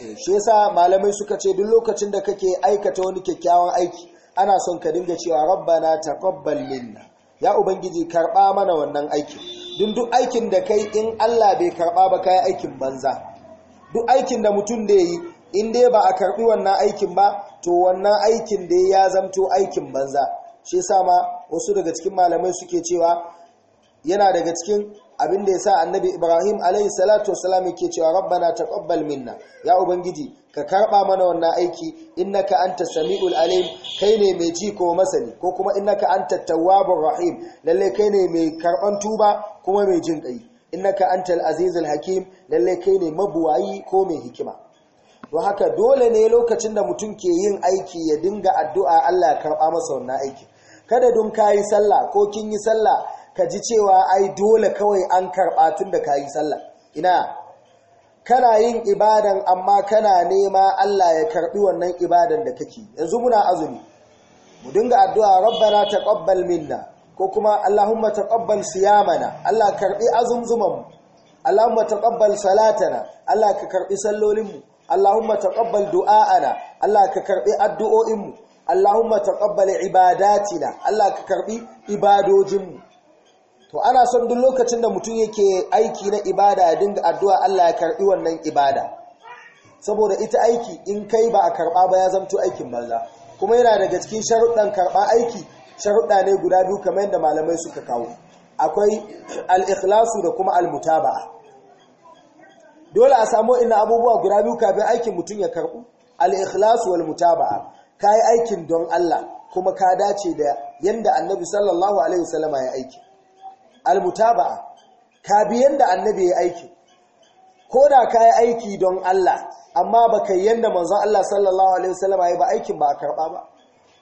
S1: eh, shi yasa malamai suka ce duk lokacin da kake aikata wani kyakkyawan aiki ana son ka dinga cewa rabbana taqabbal minna ya ubangiji karba mana wannan aikin duk duk aikin da kai in Allah bai karba ba kai aikin banza duk aikin da mutum da yi in dai ba a karɓi wannan aikin ba to wannan aikin da ya zamto aikin banza shi yasa ma wasu daga cikin malamai suke cewa yana daga cikin abin da ya sa annabi Ibrahim alayhi salatu wassalam yake cewa rabbana taqabbal minna ya ubangiji ka karɓa mana wannan aiki innaka anta samiul alim kai ne mai ji ko masani ko kuma innaka anta tawwabur rahim lalle kai ne mai karban tuba kuma mai jin kai innaka antal azizul hakim lalle kai ne mabuwayi ko mai hikima don haka dole ne lokacin da mutum ke yin aiki ya dinga addu'a Allah ya karba masa wannan aiki kada don kayi sallah ko kin yi sallah ka ji cewa ai dole kawai an karɓa tun da ka yi sallah ina kana yin ibadan amma kana nema Allah ya karɓi wannan ibadan da kake yanzu muna azumi mu dinga addu'a rabbana taqabbal minna ko kuma allahumma taqabbal siyamana Allah karɓi azumzuman mu allahumma taqabbal salatana Allah ka karɓi sallolin mu allahumma taqabbal du'a'ana Allah ka karɓi addu'o'in mu allahumma taqabbal ibadatina Allah ka karɓi ibadojin mu to ana son duk lokacin da mutum yake aiki na ibada ya dinga addu'a Allah ya karbi wannan ibada saboda ita aiki in kai ba a karba ba ya zamto aikin banza kuma yana daga cikin sharuɗan karba aiki sharuɗa ne guda biyu kamar yadda malamai suka kawo akwai al-ikhlasu da kuma al-mutaba'a dole a samu inna abubuwa guda biyu kafin aikin mutum ya karbu al-ikhlasu wal mutaba'a kai aikin don Allah kuma ka dace da yadda annabi sallallahu alaihi wasallama ya aiki almutaba'a ka bi da annabi ya aiki ko da ka yi aiki don Allah amma baka yi yadda manzon Allah sallallahu alaihi wasallam ya ba aikin ba a karba ba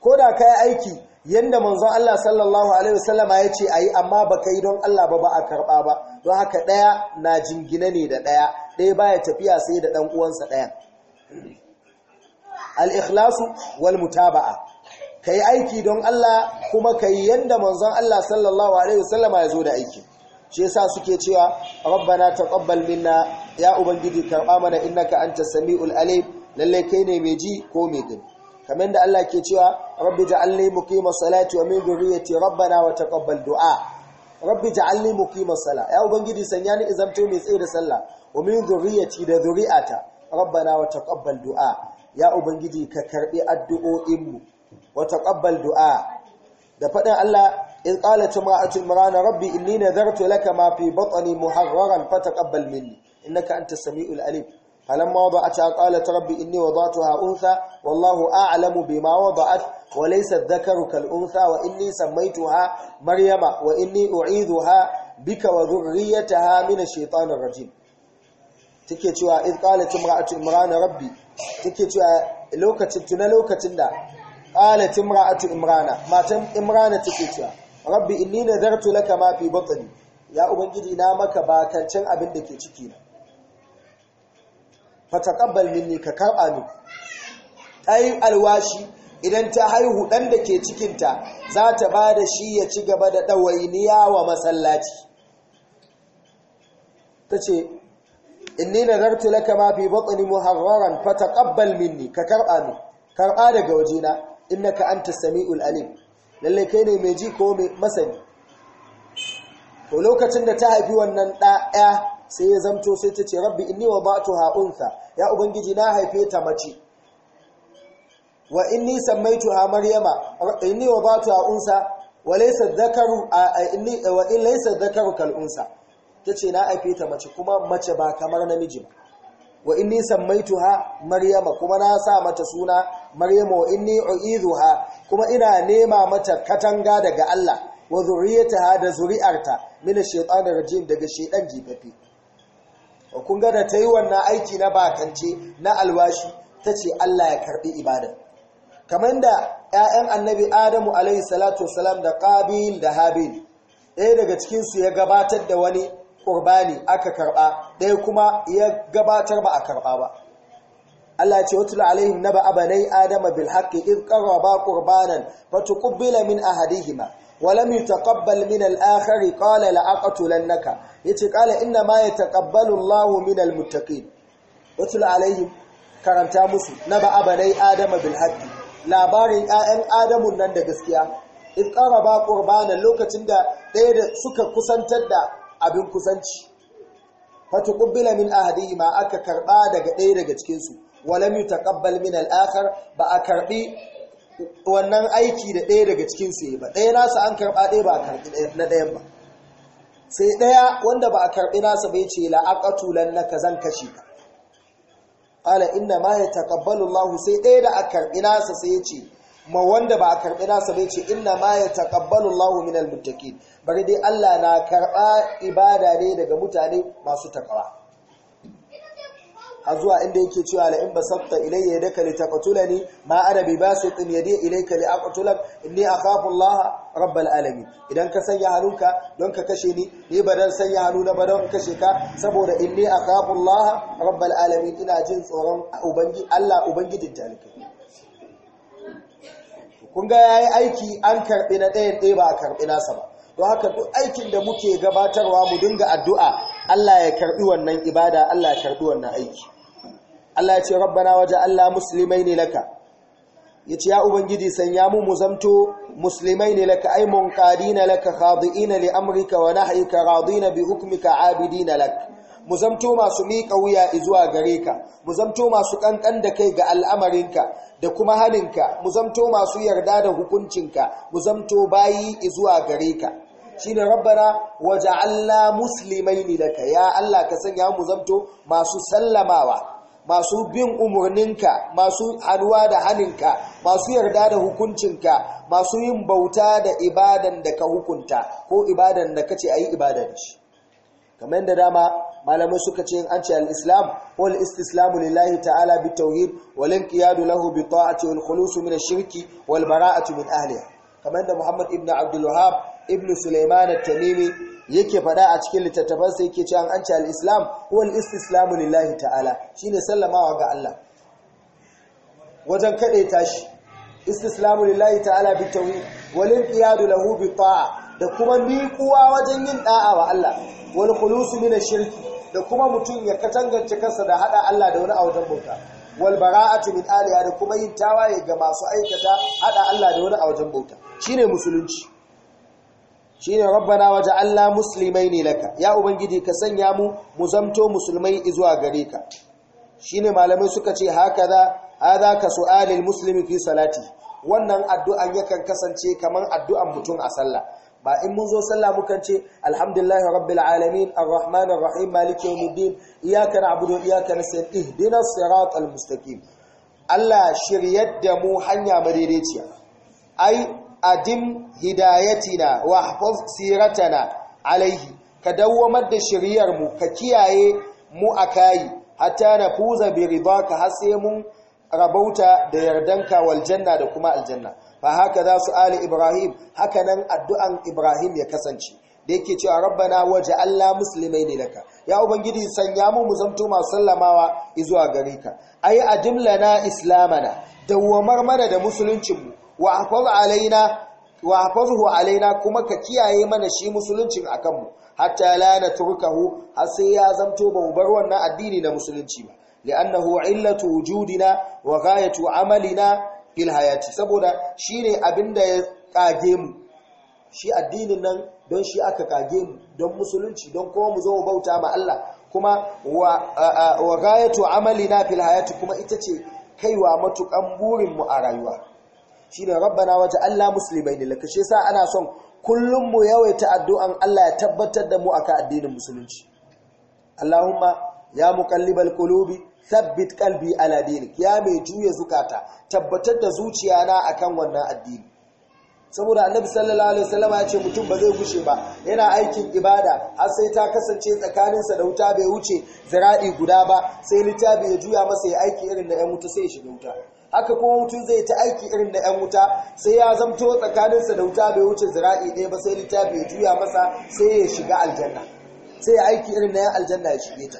S1: ko da ka yi aiki yadda manzon Allah sallallahu alaihi wasallam ya ce a yi, amma baka yi don Allah ba ba a karba ba don haka daya na jingina ne da daya Ɗaya baya tafiya sai da ɗan uwansa daya al-ikhlasu wal mutaba'a ka yi aiki don Allah kuma ka yi yadda manzan Allah sallallahu alaihi wasallama ya zo da aiki shi yasa suke cewa rabbana taqabbal minna ya ubangiji karba mana innaka antas samiul alim lalle kai ne mai ji ko mai gani kamar da Allah ke cewa rabbi ja'alni muqimas salati wa min dhurriyyati rabbana wa taqabbal du'a rabbi ja'alni muqimas sala ya ubangiji sanya ni izamto mai tsaye da sallah wa min dhurriyyati da dhurri'ata rabbana wa taqabbal du'a ya ubangiji ka karbi addu'o'in mu wa taqabbal du'a da faɗin Allah in qalat imra'atu imran rabbi inni nadartu laka ma fi batni muharraran fataqabbal minni innaka antas samiul alim فلما وضعتها قالت رب إني وضعتها أنثى والله أعلم بما وضعت وليس الذكر كالأنثى وإني سميتها مريم وإني أعيذها بك وذريتها من الشيطان الرجيم تكي cewa إذ قالت امرأة imran rabbi take cewa lokacin tuna lokacin da qalat imra'atu imrana matan imrana take cewa rabbi inni nadartu laka ma fi batni ya ubangiji na maka bakancin abin da ke ciki na fataqabbal minni ka karba ni tayi alwashi idan ta haihu dan da ke cikinta za ta ba da shi ya ci gaba da ɗawainiya wa masallaci ta ce inni nadartu laka ma fi batni muharraran fataqabbal minni ka karba ni karba daga wajena innaka anta sami'ul alim lalle kai ne mai ji ko mai masani to lokacin da ta haifi wannan ɗaya sai ya zamto sai ta ce rabbi inni wada'tuha untha ya ubangiji na haife ta mace wa inni sammaituha maryama inni wada'tuha unsa wa laysa dhakaru inni wa in laysa dhakaru kal ta tace na haife ta mace kuma mace ba kamar namiji ba wa inni sammaituha maryama kuma na sa mata suna maryama wa inni u'izuha kuma ina nema mata katanga daga Allah wa zuriyataha da zuri'arta min ash da rajim daga shedan jifafi wa kun ga da tayi wannan aiki na bakance na alwashi tace Allah ya karbi ibada kamar da 'ya'yan annabi Adamu alayhi salatu wassalam da Qabil da Habil ɗaya daga cikin su ya gabatar da wani qurbani aka karɓa ɗaya kuma ya gabatar ba a karɓa ba Allah ya ce tula alaihim naba abanai adama bil haqqi id qaraba qurbanan tuqbila min ahadihima wa lam yataqabbal min al akhar qala la aqtulannaka yace qala inna ma yataqabbalu Allahu min al muttaqin tula alaihim karanta musu naba abanai adama bil haqqi labarin 'ya'yan Adamu nan da gaskiya id qaraba qurbanan lokacin da ɗaya da suka kusantar da abin kusanci fatuqbila min ma aka karɓa daga ɗaya daga cikin su walam yutaqabbal min al-akhar ba a karbi wannan aiki da ɗaya daga cikin su ba ɗaya nasa an karba ɗaya ba a karbi na ɗayan ba sai ɗaya wanda ba a karɓi nasa bai ce la aqatulan ka zan kashe ka ala inna ma yataqabbalu Allah sai ɗaya da a karɓi nasa sai ya ce ma wanda ba a karɓi nasa bai ce inna ma ya taqabbalu Allahu al muttaqin bari dai Allah na karɓa ibada ne daga mutane masu takawa a zuwa inda yake cewa la in basatta ilayya yadaka li taqtulani ma ana bi basitin yadi ilayka li aqtulak inni akhafu Allah al alamin idan ka sanya hannunka don ka kashe ni ni ba dan sanya hannu na ba don kashe ka saboda inni akhafu Allah al alamin ina jin tsoron ubangi Allah ubangijin talikai kun ga yayi aiki an karɓi na ɗayan ɗaya ba a karbi nasa ba don haka duk aikin da muke gabatarwa mu dinga addu'a Allah ya karbi wannan ibada Allah ya karbi wannan aiki Allah ya ce rabbana waja'alna ne laka yace ya ubangiji sanya mu mu zamto ne laka ay munqadina laka khadi'ina li amrika wa nahyika radina bi hukmika abidina lak mu zamto masu miƙa wuya zuwa gare ka mu zamto masu kankan da kai ga al'amarinka da kuma haninka mu zamto masu yarda da hukuncinka mu zamto bayi zuwa gare ka waje rabbana waja'alna ne laka ya Allah ka sanya mu zamto masu sallamawa masu bin umarninka masu anuwa da haninka masu yarda da hukuncinka masu yin bauta da ibadan da ka hukunta ko ibadan da ka kace ayi ibadan shi kamar da dama malamai suka ce an ce Al'islam, islam wal istislamu lillahi ta'ala bi tauhid wal inqiyadu lahu bi ta'ati wal khulusu min ash-shirki wal a min ahliha kamar da Muhammad ibn Abdul ibn Sulaiman at-Tamimi yake fada a cikin littattafansa yake cewa an ce Al'islam, islam wal istislamu lillahi ta'ala Shi ne sallamawa ga Allah wajen kade tashi istislamu lillahi ta'ala bi tauhid wal inqiyadu lahu bi ta'a da kuma miƙuwa wajen yin ɗa'a wa Allah wani kulusu min ash-shirki da kuma mutum ya katangance kansa da hada Allah da wani a wajen bauta wal bara'atu min aliya da kuma yin tawaye ga masu aikata hada Allah da wani a wajen bauta shine musulunci shine rabbana waja'alna muslimaini laka ya ubangiji ka sanya mu mu zamto musulmai zuwa gare ka shine malamai suka ce hakaza hada ka su'alil muslimi fi salati wannan addu'an yakan kasance kaman addu'an mutum a sallah ba in mun zo sallah mukan ce alhamdulillahi rabbil alamin arrahmanir rahim maliki yawmiddin iyyaka na'budu wa iyyaka nasta'in ihdinas siratal mustaqim Allah shiryar da mu hanya madaidaiciya ai adim hidayatina wa hafaz siratana alaihi ka dawwamar da shiryar mu ka kiyaye mu akai hatta na fuza bi ridaka har sai mun rabauta da yardanka wal janna da kuma aljanna Ba haka za su ali ibrahim haka nan addu'an ibrahim ya kasance da yake cewa rabbana waje allah musulmai ne laka ya ubangiji sanya mu mu zamto masu sallamawa Izuwa gare ka ai adimlana islamana dawamar mana da musuluncinmu wa alaina wa alaina kuma ka kiyaye mana shi musuluncin akan mu hatta la natrukahu har sai ya zamto ba mu bar wannan addini na musulunci ba li'annahu illatu wujudina wa ghayatu amalina filhayaci saboda saboda shine abinda ya kage mu shi addinin nan don shi aka kage mu don musulunci don kuma mu zo mu bauta ma Allah kuma wa gayatu amalina na filhayati kuma ita ce kaiwa matukan burin mu a rayuwa shi ne rabbana wata Allah musulmai ne lakashe sa ana son kullum mu yawaita addu'an Allah ya tabbatar da mu aka addinin musulunci Allahumma ya mu kalli balkulubi thabbit kalbi ala dinik ya mai juya zukata tabbatar da zuciya na akan wannan addini saboda annabi sallallahu alaihi wasallam ya ce mutum ba zai gushe ba yana aikin ibada har sai ta kasance tsakaninsa da wuta bai wuce zira'i guda ba sai littafi ya juya masa ya aiki irin na yan wuta sai ya shiga wuta haka kuma mutum zai ta aiki irin na yan wuta sai ya zamto tsakaninsa da wuta bai wuce zira'i ɗaya ba sai littafi ya juya masa sai ya shiga aljanna sai ya aiki irin na yan aljanna ya shige ta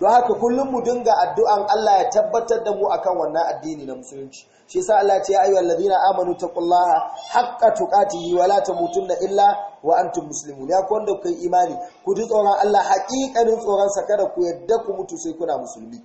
S1: don haka kullum mu dinga addu'an Allah ya tabbatar da mu akan wannan addini na musulunci shi sa Allah ce ya ayi wallazi ladina amanu ta taqullaha yi wala ta mutum da illa wa antum musulmi ya kwanda kai imani ku ji tsoron Allah haƙiƙanin tsoron sa kada ku yadda ku mutu sai kuna musulmi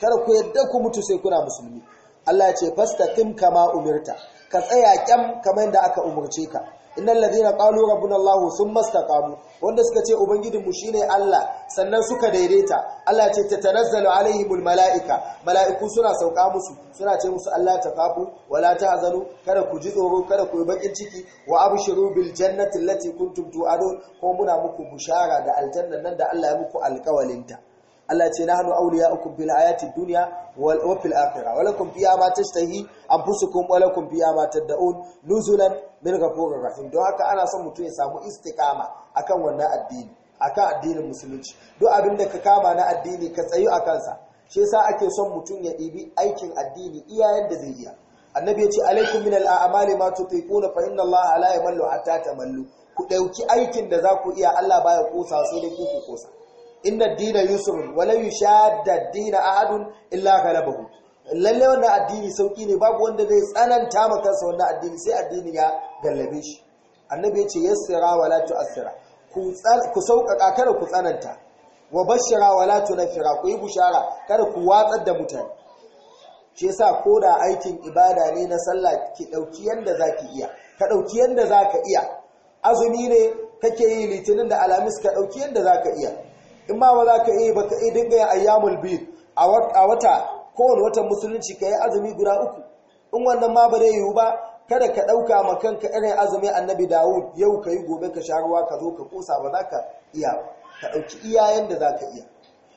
S1: kada ku yadda ku mutu sai kuna musulmi Allah ce fasta kim kama umirta ka tsaya kyam kamar yadda aka umarce ka innal ladina qalu rabbuna allah thumma istaqamu wanda suka ce ubangijinmu shine allah sannan suka daidaita allah ce ta tatanazzalu alaihimul malaika malaiku suna sauka musu suna ce musu allah ta takafu wala tahzanu kada ku ji tsoro kada ku yi bakin ciki wa abshiru bil jannati allati kuntum tu'adun ko muna muku bushara da aljannan nan da allah ya muku alkawalinta Allah ce na hannu auliya uku fil hayati duniya wa fil akhirah wa ta fiha ma tashtahi anfusukum wa lakum ma tad'un nuzulan min ghafurir rahim don haka ana son mutum ya samu istiqama akan wannan addini akan addinin musulunci duk abin da ka kama na addini ka tsayu akan sa shi yasa ake son mutum ya ɗibi aikin addini iyayen da zai iya annabi ya ce alaikum min amali ma tutiquna fa inna allaha la yamallu hatta tamallu ku ɗauki aikin da za ku iya Allah baya kosa sai dai ku ku kosa inna dina yusrun wa la yushadda dina ahadun illa ghalabahu lalle wannan addini sauki ne babu wanda zai tsananta ma kansa wannan addini sai addini ya gallabe shi annabi ya ce yassira wa la tu'assira ku sauƙaƙa kada ku tsananta wa bashira wa la tunfira ku yi bushara kada ku watsar da mutane shi yasa koda aikin ibada ne na sallah ki dauki yanda zaki iya ka dauki yanda zaka iya azumi ne kake yi litinin da alamis ka dauki yanda zaka iya in ma ba za ka yi ba ka yi dinga yin ayyamul bi a wata kowane watan musulunci ka yi azumi guda uku in wannan ma ba zai yiwu ba kada ka ɗauka ma kanka irin azumi annabi dawud yau ka yi gobe ka sha ruwa ka zo ka kosa ba za ka iya ka ɗauki iyayen da za ka iya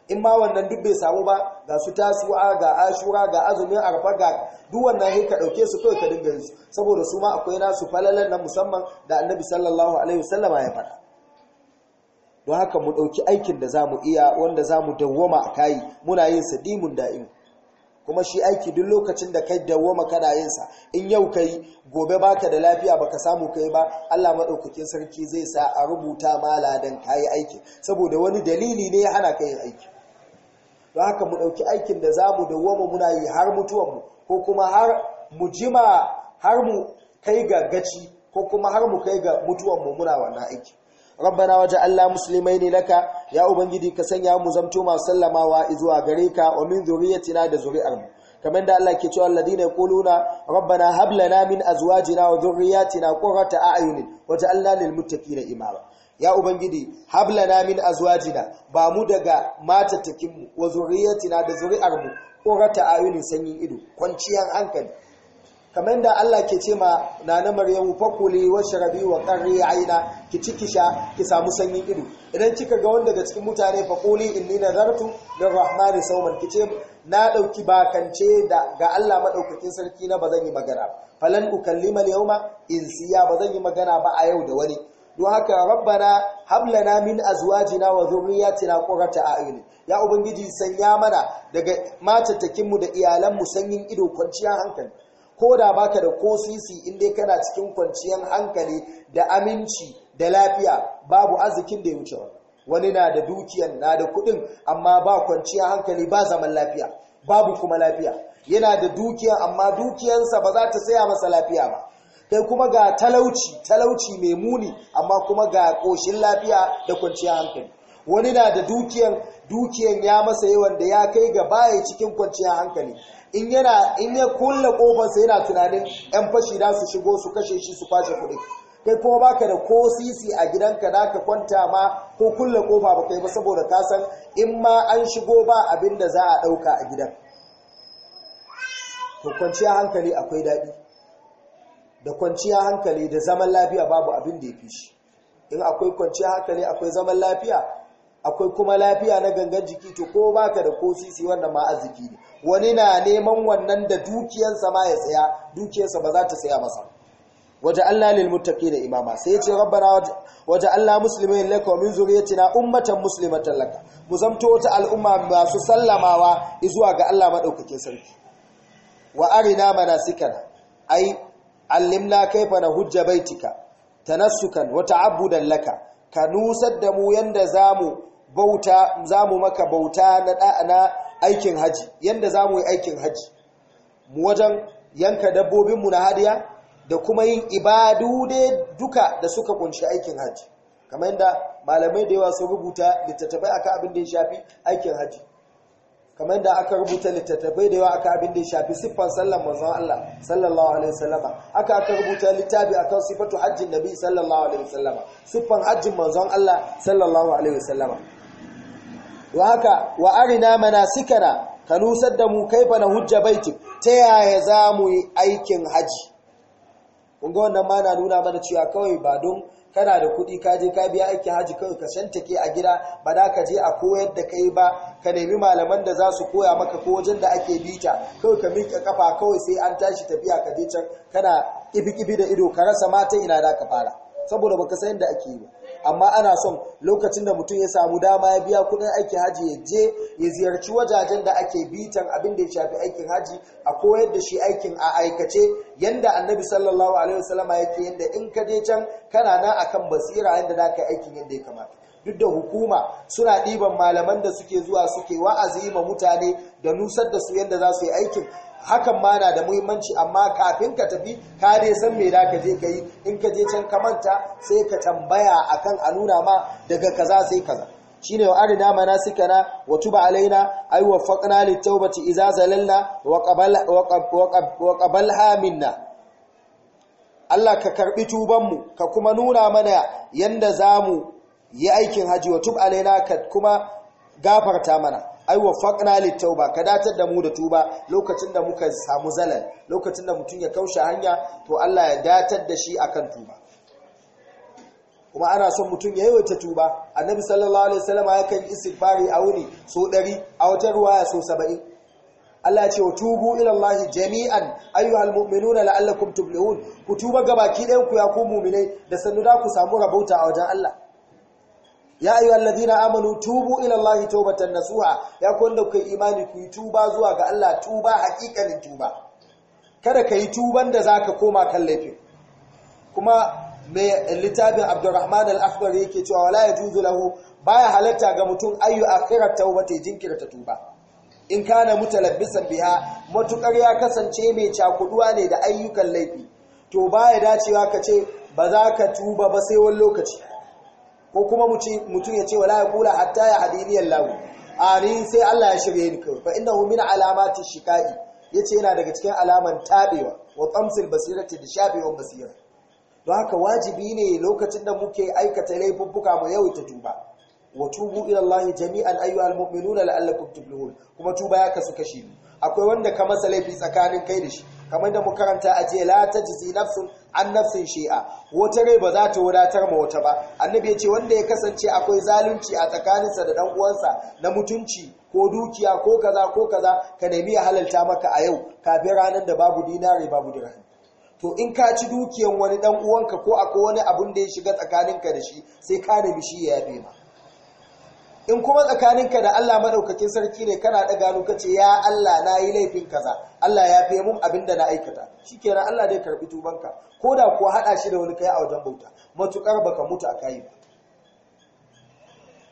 S1: in ma wannan duk bai samu ba ga su tasuwa ga ashura ga azumin arfa ga duk wannan sai ka dauke su kawai ka dinga yin su saboda su ma akwai nasu falalan na musamman da annabi sallallahu alaihi wasallama ya fara. don haka mu ɗauki aikin da zamu iya wanda zamu mu dawwama a kayi muna yin sa dimun da'in kuma shi aiki duk lokacin da kai dawwama kana yin sa in yau kai gobe baka da lafiya baka samu kai ba Allah madaukakin sarki zai sa a rubuta mala dan kayi aiki saboda wani dalili ne ya hana kai aiki don haka mu ɗauki aikin da zamu mu dawwama muna yi har mu ko kuma har mu jima har mu kai ga gaci ko kuma har mu kai ga mu muna wannan aiki rabbana waja'alna muslimaini laka ya ubangiji ka sanya mu zamto masu sallamawa zuwa gare ka wa min zuriyatina da zuri'ar mu kamar da Allah ke cewa alladina yaquluna rabbana hab lana min azwajina wa dhurriyyatina qurrata a'yunin waj'alna lil muttaqina imama ya ubangiji hab lana min azwajina ba mu daga matatakin mu wa dhurriyyatina da zuri'ar mu qurrata a'yunin sanyin ido kwanciyar hankali kamar da Allah ke ce ma na na Maryamu fakuli wa sharabi wa qarri aina ki ci ki sha ki samu sanyin ido idan kika ga wanda daga cikin mutane fakuli inni nazartu rahmani sauman ki ce na dauki bakance da ga Allah madaukakin sarki na bazan yi magana falan ukallima al-yawma insiya bazan yi magana ba a yau da wani don haka rabbana hablana min azwajina wa dhurriyyatina a a'yun ya ubangiji sanya mana daga matatakin mu da iyalanmu sanyin ido kwanciyar hankali ko da baka da ko sisi inda kana cikin kwanciyar hankali da aminci da lafiya babu arzikin da ya wuce wani na da dukiyar na da kudin amma ba kwanciyar hankali ba zaman lafiya babu kuma lafiya yana da dukiyan amma dukiyarsa ba za ta saya masa lafiya ba kai kuma ga talauci talauci mai muni amma kuma ga koshin lafiya da kwanciyar hankali wani na da dukiyar dukiyan ya masa yawan da ya kai ga baya cikin kwanciyar hankali in yana in ya kulle kofarsa yana tunanin yan fashi da su shigo su kashe shi su kwashe kuɗi kai kuma baka da ko sisi a gidanka da ka kwanta ma ko kulle kofa ba kai ba saboda ka san in ma an shigo ba abin da za a ɗauka a gidan to kwanciya hankali akwai daɗi da kwanciya hankali da zaman lafiya babu abin da ya fi shi in akwai kwanciya hankali akwai zaman lafiya akwai kuma lafiya na gangan jiki to ko baka da ko sisi wannan ma arziki ne wani na neman wannan da dukiyarsa ma ya tsaya dukiyarsa ba za ta tsaya masa waje Allah lil da imama sai ya ce rabbana waje Allah muslimin laka wa min zuriyatina ummatan muslimatan laka mu zamto wata al'umma masu sallamawa zuwa ga Allah maɗaukakin sarki wa arina manasikana ai allimna kaifa na hujja baitika tanassukan wa ta'abbudan laka ka nusar da mu yanda zamu bauta zamu maka bauta na aikin haji yadda za mu yi aikin haji mu wajen yanka dabbobinmu na hadiya da kuma yin ibadu da duka da suka kunshi aikin haji kamar yadda malamai da yawa sun rubuta littattafai aka abin da ya shafi aikin haji kamar da aka rubuta littattafai da yawa aka abin da ya shafi siffar sallan manzon Allah sallallahu alaihi wasallama aka aka rubuta littafi akan sifatu hajjin nabi sallallahu alaihi wasallama siffar hajjin manzon Allah sallallahu alaihi wasallama wa haka wa arina manasikana ka nusar da mu kaifa na hujja baiti ta yaya za mu yi aikin haji kunga wannan ma na nuna mana cewa kawai ba don kana da kuɗi ka je ka biya aikin haji kawai ka shanta ke a gida ba da ka je a koyar da kai ba ka nemi malaman da za su koya maka ko wajen da ake bita kawai ka miƙa kafa kawai sai an tashi tafiya ka je can kana kifi-kifi da ido ka rasa mata ina da ka fara saboda baka san yadda ake yi ba amma ana son lokacin da mutum ya samu dama ya biya kudin aikin haji ya je ya ziyarci wajajen da ake bitan abin da ya shafi aikin haji a koyar da shi aikin a aikace yanda annabi sallallahu alaihi wasallama yake yanda in ka je can kana nan akan basira yanda za ka aikin yanda ya kamata duk da hukuma suna ɗiban malaman da suke zuwa suke wa'azi ma mutane da nusar da su yadda za su yi aikin hakan ma na da muhimmanci amma kafin ka tafi ka dai san me da ka je ka yi in ka je can ka manta sai ka tambaya akan a nuna ma daga kaza sai kaza shine wa arina sikana wa tuba alaina ay waffaqna litawbati idza zalalna wa qabal wa qabalha minna Allah ka karbi mu ka kuma nuna mana yanda mu yi aikin haji wa tuba alaina ka kuma gafarta mana ai waffaqna ba ka datar da mu da tuba lokacin da muka samu zalal lokacin da mutum ya kaushe hanya to Allah ya datar da shi akan tuba kuma ana son mutum ya yawaita tuba annabi sallallahu alaihi wasallam yakan istighfari a wuni so ɗari a wata ya so saba'in. Allah ce wa tubu ila Allah jami'an ayyuhal mu'minuna la'allakum tuflihun ku tuba gabaki ɗayan ku ya ku mu'minai da sannu da ku samu rabauta a wajen Allah ya ayyuhal ladina amanu tubu ila Allah tawbatan nasuha ya kun da kai imani ku yi tuba zuwa ga Allah tuba hakikanin tuba kada ka yi tuban da zaka koma kan laifin kuma mai littafin Abdurrahman al-Akhdari yake cewa wala yajuzu lahu baya halatta ga mutum ayyu akhirat tawbati jinkirta tuba in kana mutalabbisan biha matukar ya kasance mai cakuduwa ne da ayyukan laifi to baya dacewa ka ce ba za ka tuba ba sai wani lokaci ko kuma mutum ya ce wala ya kula hatta ya hadini a sai Allah ya shirya ni kawai fa alama min alamati Ya ce yana daga cikin alaman taɓewa wa tamsil basirati da shafiwan basira don haka wajibi ne lokacin da muke aikata laifuffuka mu ta tuba wa tubu ila Allah jami'an ayyuhal mu'minuna la'allakum tuflihun kuma tuba ya kasu kashi akwai wanda ka masa laifi tsakanin kai da shi kamar da mu karanta a jiya la tajzi nafsun an nafsin shi'a wata rai ba za ta wadatar ma wata ba annabi ya ce wanda ya kasance akwai zalunci a tsakaninsa da dan uwansa na mutunci ko dukiya ko kaza ko kaza ka nemi ya halalta maka a yau kafin ranar da babu dinari babu dirham to in ka ci dukiyan wani dan uwanka ko akwai wani abun da ya shiga tsakaninka da shi sai ka nemi shi ya yafe ma in kuma tsakaninka da Allah madaukakin sarki ne kana da gano kace ya Allah na yi laifin kaza Allah ya fi mun abin da na aikata shikenan Allah zai karbi tubanka da kuwa haɗa shi da wani kai a wajen bauta matukar baka mutu a ba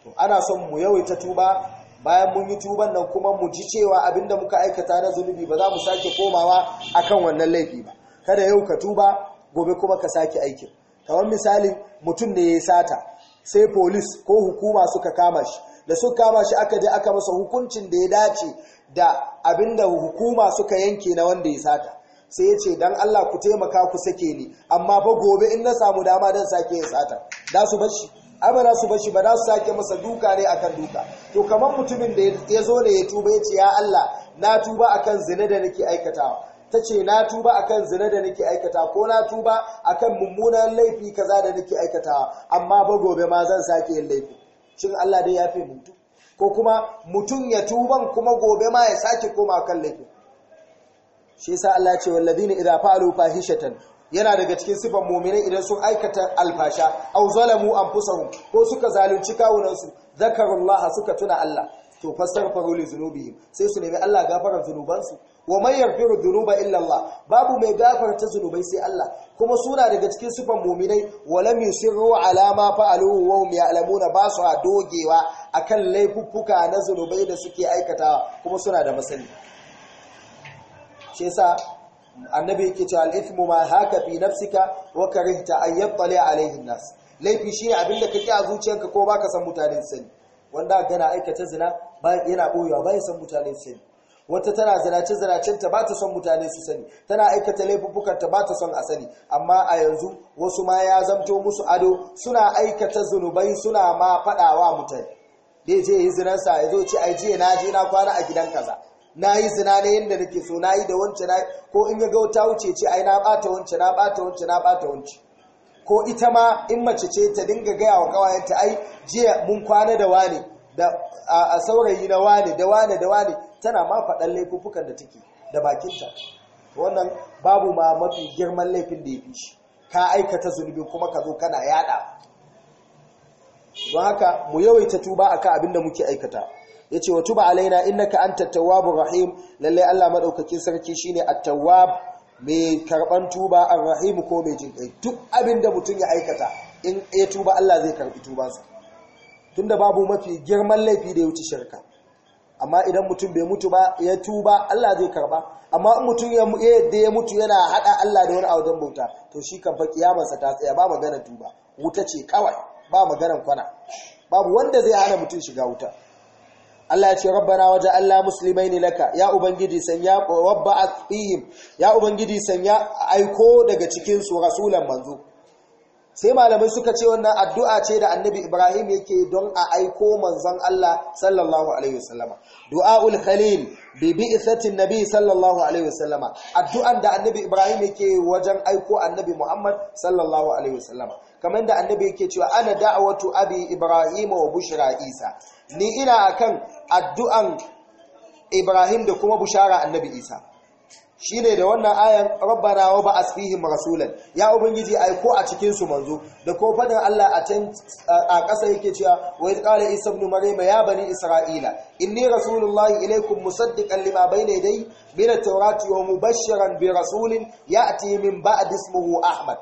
S1: to ana son mu yawaita tuba bayan mun yi tuban nan kuma mu ji cewa da muka aikata na zunubi ba za mu sake komawa akan wannan laifi ba kada yau ka tuba gobe kuma ka sake aikin kamar misali mutum ne ya sata sai polis ko hukuma suka kama shi da suka kama shi aka je aka masa hukuncin da ya dace da abinda hukuma suka yanke na wanda ya sata sai ya ce dan Allah ku taimaka ku sake ni amma fa gobe in na samu dama dan sake ya sata da su bashi amma da su shi ba da su sake masa duka ne akan duka to kamar mutumin da ya zo da ya tuba ya ce ya Allah na tuba akan zina da nake aikatawa ta ce na tuba akan zina da nake aikata ko na tuba akan mummunan laifi kaza da nake aikatawa amma ba gobe ma zan sake yin laifi shin Allah dai ya fi mutu? ko kuma mutum ya tuban kuma gobe ma ya sake koma kan laifi shi yasa Allah ya ce walladina idza fa'alu fahishatan yana daga cikin sifan muminai idan sun aikata alfasha au zalamu anfusahum ko suka zalunci kawunansu zakarullaha suka tuna Allah to fastaghfiru faruli dhunubihim sai su nemi Allah gafarar zunubansu wa man yaghfiru dhunuba illa Allah babu mai gafarta zunubai sai Allah kuma suna daga cikin sifan mu'minai wa lam yusirru ala ma fa'alu wa hum ya'lamuna ba su dogewa akan laifuffuka na zunubai da suke aikatawa kuma suna da masani shi yasa annabi yake cewa al-ithmu ma haka fi nafsika wa karihta an yattali alayhi an-nas laifi shine abinda kake a zuciyarka ko baka san mutane sani wanda gana aikata zina yana boyewa bai san mutane sani wata tana zinace zinacen ta ba ta son mutane su sani tana aikata laifuffukan ta ba ta son a sani amma a yanzu wasu ma ya zamto musu ado suna aikata zunubai suna ma faɗawa mutane da je yi zinarsa ya zo ce ai jiya na je na kwana a gidan kaza na yi zina na yadda nake so na yi da wance na ko in ya ga wuta wuce ce ai na bata wance na bata wance na bata wance ko ita ma in mace ce ta dinga gaya wa kawayenta ai jiya mun kwana da wane da a saurayi na wane da wane da wane tana ma faɗan laifuffukan da take da bakinta wannan babu ma mafi girman laifin da ya fi shi ka aikata zunubi kuma ka zo kana yada don haka mu yawaita tuba akan abin da muke aikata yace wa tuba alaina innaka anta tawwabur rahim lalle Allah madaukakin sarki shine at-tawwab mai karban tuba a Rahimu ko mai jinkai duk abin da mutum ya aikata in ya tuba Allah zai karbi tubansa tunda babu mafi girman laifi da ya wuce shirka amma idan mutum bai mutu ba ya tuba Allah zai karba amma in mutum ya yadda ya mutu yana hada Allah da wani a bauta to shi kan fa kiyamarsa ta tsaya ba magana tuba wuta ce kawai ba maganar kwana babu wanda zai hana mutum shiga wuta Allah ya ce rabbana waja Allah muslimaini laka ya ubangiji sanya a fihim ya ubangiji sanya aiko daga cikin su rasulan manzo sai malamai suka ce wannan addu'a ce da annabi ibrahim yake don a aiko manzon Allah sallallahu alaihi wasallama du'aul khalil bi bi'thatin nabi sallallahu alaihi wasallama addu'an da annabi ibrahim yake wajen aiko annabi muhammad sallallahu alaihi wasallama kamar yadda annabi yake cewa ana da'awatu abi ibrahim wa bushra isa ni ina akan addu'an ibrahim da kuma bushara annabi isa Shi ne da wannan ayan rabbana wa ba'as fihim rasulan ya ubangiji ai ko a cikin su manzo da ko fadin Allah a can a ƙasa yake cewa wa id qala isa ibn maryam ya bani isra'ila inni rasulullahi ilaykum musaddiqan lima bayna yaday min at-taurati wa mubashshiran bi rasulin ya'ti min ba'di ismihi ahmad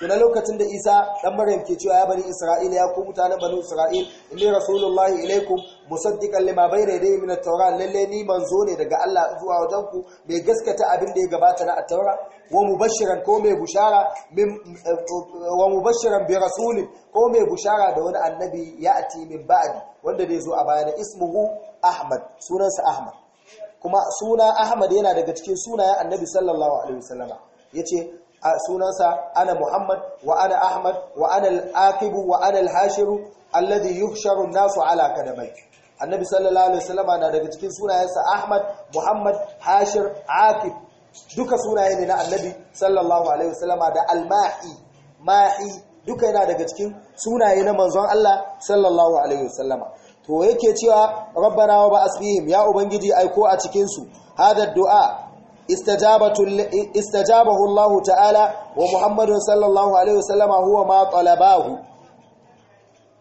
S1: to lokacin da Isa dan Maryam ke cewa ya bani Isra'ila ya ku mutanen bani Isra'il inni rasulullahi ilaikum musaddiqan lima bayna yadayhi min at-taura lalle ni manzo ne daga Allah zuwa wajen ku mai gaskata abin da ya gabata na at-taura wa mubashiran ko mai bushara wa mubashiran bi rasulin ko mai bushara da wani annabi ya ati min ba'di wanda zai zo a bayana ismuhu Ahmad sunansa Ahmad kuma suna Ahmad yana daga cikin sunayen annabi sallallahu alaihi wasallama yace A sunansa ana Muhammad wa ana Ahmad wa ana al wa ana al alladhi yuhsharu an-nasu ala kadamai Annabi sallallahu alaihi wasallama na daga cikin sunayensa Ahmad Muhammad Hashir Aqib duka sunaye ne na Annabi sallallahu alaihi wasallama da al mai Ma'i, duka yana daga cikin sunaye na manzon Allah sallallahu alaihi wasallama to yake cewa rabbana wa ba'as ya ubangiji aiko a cikin su hada du'a istajabahu Allah ta'ala wa Muhammadu sallallahu alaihi wasallama huwa ma talabahu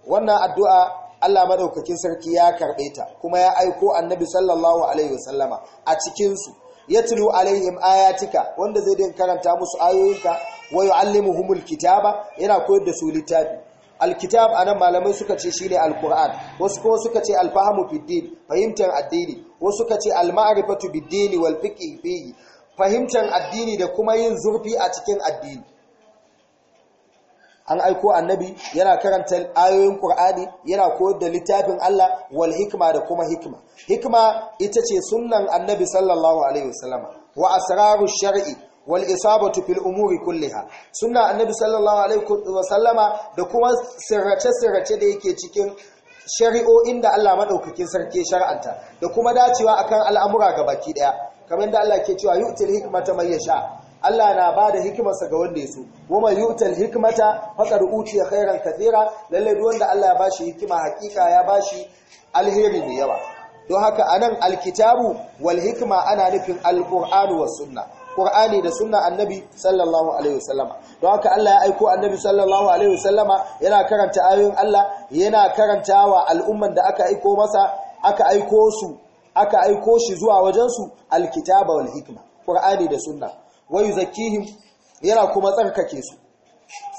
S1: wannan addu'a Allah madaukakin sarki ya karbe ta kuma ya aiko annabi sallallahu alaihi wasallama a cikin su yatlu alaihim ayatika wanda zai din karanta musu ayoyinka wa yuallimuhumul kitaba yana koyar da su littafi alkitab anan malamai suka ce shine alquran wasu kuma suka ce alfahamu fiddin fahimtar addini wasu ka ce alma'arifatu bidini wal fiki fi fahimtar addini da kuma yin zurfi a cikin addini an aiko annabi yana karanta ayoyin qur'ani yana koyar da littafin Allah wal hikma da kuma hikma hikma ita ce sunnan annabi sallallahu alaihi wasallama wa asraru shar'i wal isabatu fil umuri kulliha sunna annabi sallallahu alaihi wasallama da kuma sirrace sirrace da yake cikin shari'o'in da Allah maɗaukakin sarki shari'anta, da kuma dacewa akan al'amura ga baki ɗaya. kamar da Allah ke cewa yu'til hikmata mai ya sha Allah na ba da hikimarsa ga wanda ya so yi utar hikmata uci ya khairan kathira lalle duk wanda Allah ya bashi hikima hakika ya ba shi alheri mai yawa don haka anan alkitabu wal hikma ana nufin Alƙur'anu wa sunna Qur'ani da sunna annabi sallallahu alaihi wasallama don haka Allah ya aiko annabi sallallahu alaihi wasallama yana karanta ayoyin Allah yana karanta wa al'umman da aka aiko masa aka aiko su aka aiko shi zuwa wajen su alkitaba wal hikma Qur'ani da sunna wai yuzakkihim yana kuma tsarkake su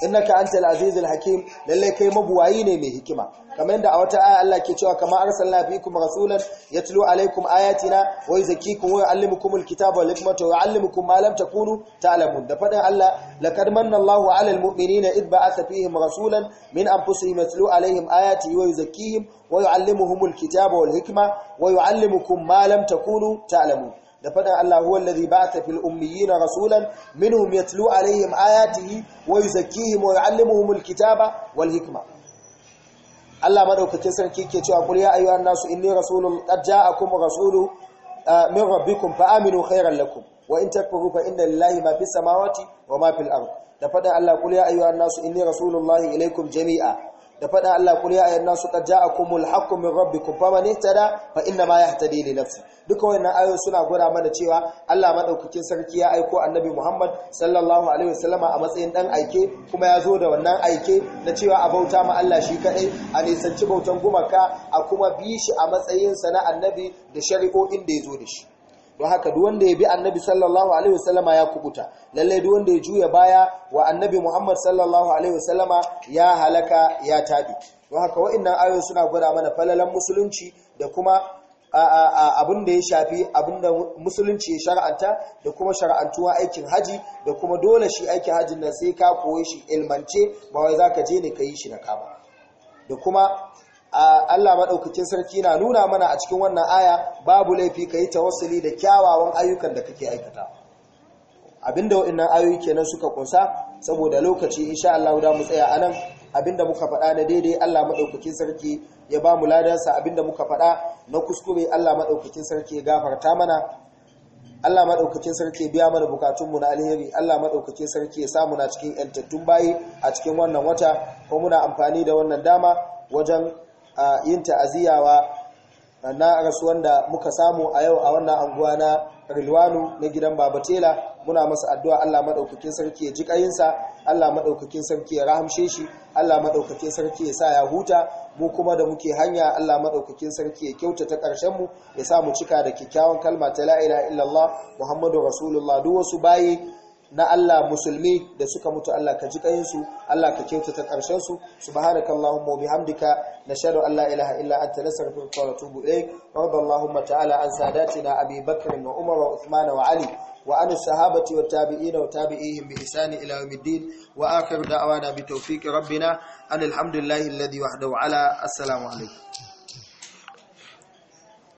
S1: innaka antal azizul hakim lalle kai mabuwayi ne mai hikima kamar yadda a wata aya Allah ke cewa kama arsalna fiikum rasulan yatlu alaikum ayatina wa yuzakkikum wa yuallimukumul kitaba wal hikmata wa yuallimukum ma lam takunu ta'lamun da fadin Allah laqad manna 'alal mu'minina id ba'atha fihim rasulan min anfusihim yatlu alaihim ayati wa yuzakkihim wa yuallimuhumul kitaba wal hikma wa yuallimukum ma lam takunu ta'lamun da faɗin Allah huwa allazi ba'atha fil ummiyina rasulan minhum yatlu alaihim ayatihi wa yuzakkihim wa yu'allimuhum alkitaba wal hikma Allah madaukakin sarki ke cewa qul ya ayyuhan nasu inni rasulun qad ja'akum rasulu uh, min rabbikum fa aminu khairan lakum wa in takfuru fa inna lillahi ma fis samawati wa ma fil da faɗin Allah qul ya ayyuhan nasu inni rasulullahi ilaykum jami'a da faɗa Allah kul ya ayyuhan nasu qad ja'akumul haqqu min rabbikum faman ihtada fa inna ma yahtadi li nafsi duka wannan ayo suna gura mana cewa Allah madaukakin sarki ya aiko annabi Muhammad sallallahu alaihi wasallama a matsayin dan aike kuma ya zo da wannan aike na cewa a bauta ma Allah shi kadai a nisanci bautan gumaka a kuma bi shi a matsayin sa na annabi da shari'o'in da ya zo da shi don haka duk wanda ya bi annabi sallallahu alaihi wasallama ya kubuta lalle duk wanda ya juya baya wa annabi Muhammad sallallahu alaihi wasallama ya halaka ya tabi don haka wa'annan ayoyi suna gwada mana falalan musulunci da kuma abin da ya shafi abin da musulunci ya shar'anta da kuma shar'antuwa aikin haji da kuma dole shi aikin hajin nan sai ka koyi shi ilmance ba wai zaka je ne ka yi shi na kama da kuma Allah maɗaukakin sarki na nuna mana a cikin wannan aya babu laifi ka yi tawassuli da kyawawan ayyukan da kake aikata abinda waɗannan ayoyi kenan suka kunsa saboda lokaci insha Allah da mu tsaya anan abinda muka faɗa na daidai Allah maɗaukakin sarki ya ba mu Abin abinda muka faɗa na kuskure Allah maɗaukakin sarki ya gafarta mana Allah maɗaukakin sarki biya mana bukatunmu na alheri Allah maɗaukakin sarki ya samu na cikin 'yantattun bayi a cikin wannan wata ko muna amfani da wannan dama wajen A yin ta'aziyawa na rasuwan da muka samu a yau a wannan anguwa na rilwanu na gidan baba tela muna masa addu'a Allah maɗaukakin sarki ya ji kayinsa Allah maɗaukakin sarki ya rahamshe shi Allah maɗaukakin sarki ya sa ya huta mu kuma da muke hanya Allah maɗaukakin sarki ya kyautata karshen mu ya sa mu cika da kyakkyawan kalma ta la illallah muhammadu rasulullah duk wasu baye na Allah musulmi da suka mutu Allah ka ji kayinsu Allah ka kyautata karshen su subhanakallahumma wa bihamdika nashhadu an la ilaha illa anta nastaghfiruka wa natubu ilayk radallahumma ta'ala an sadatina abi bakr wa umar wa uthman wa ali wa an sahabati wa tabi'in wa tabi'ihim bi ihsan ila yawmiddin wa akhiru da'wana bi tawfiq rabbina alhamdulillahi alladhi wahdahu ala assalamu alaykum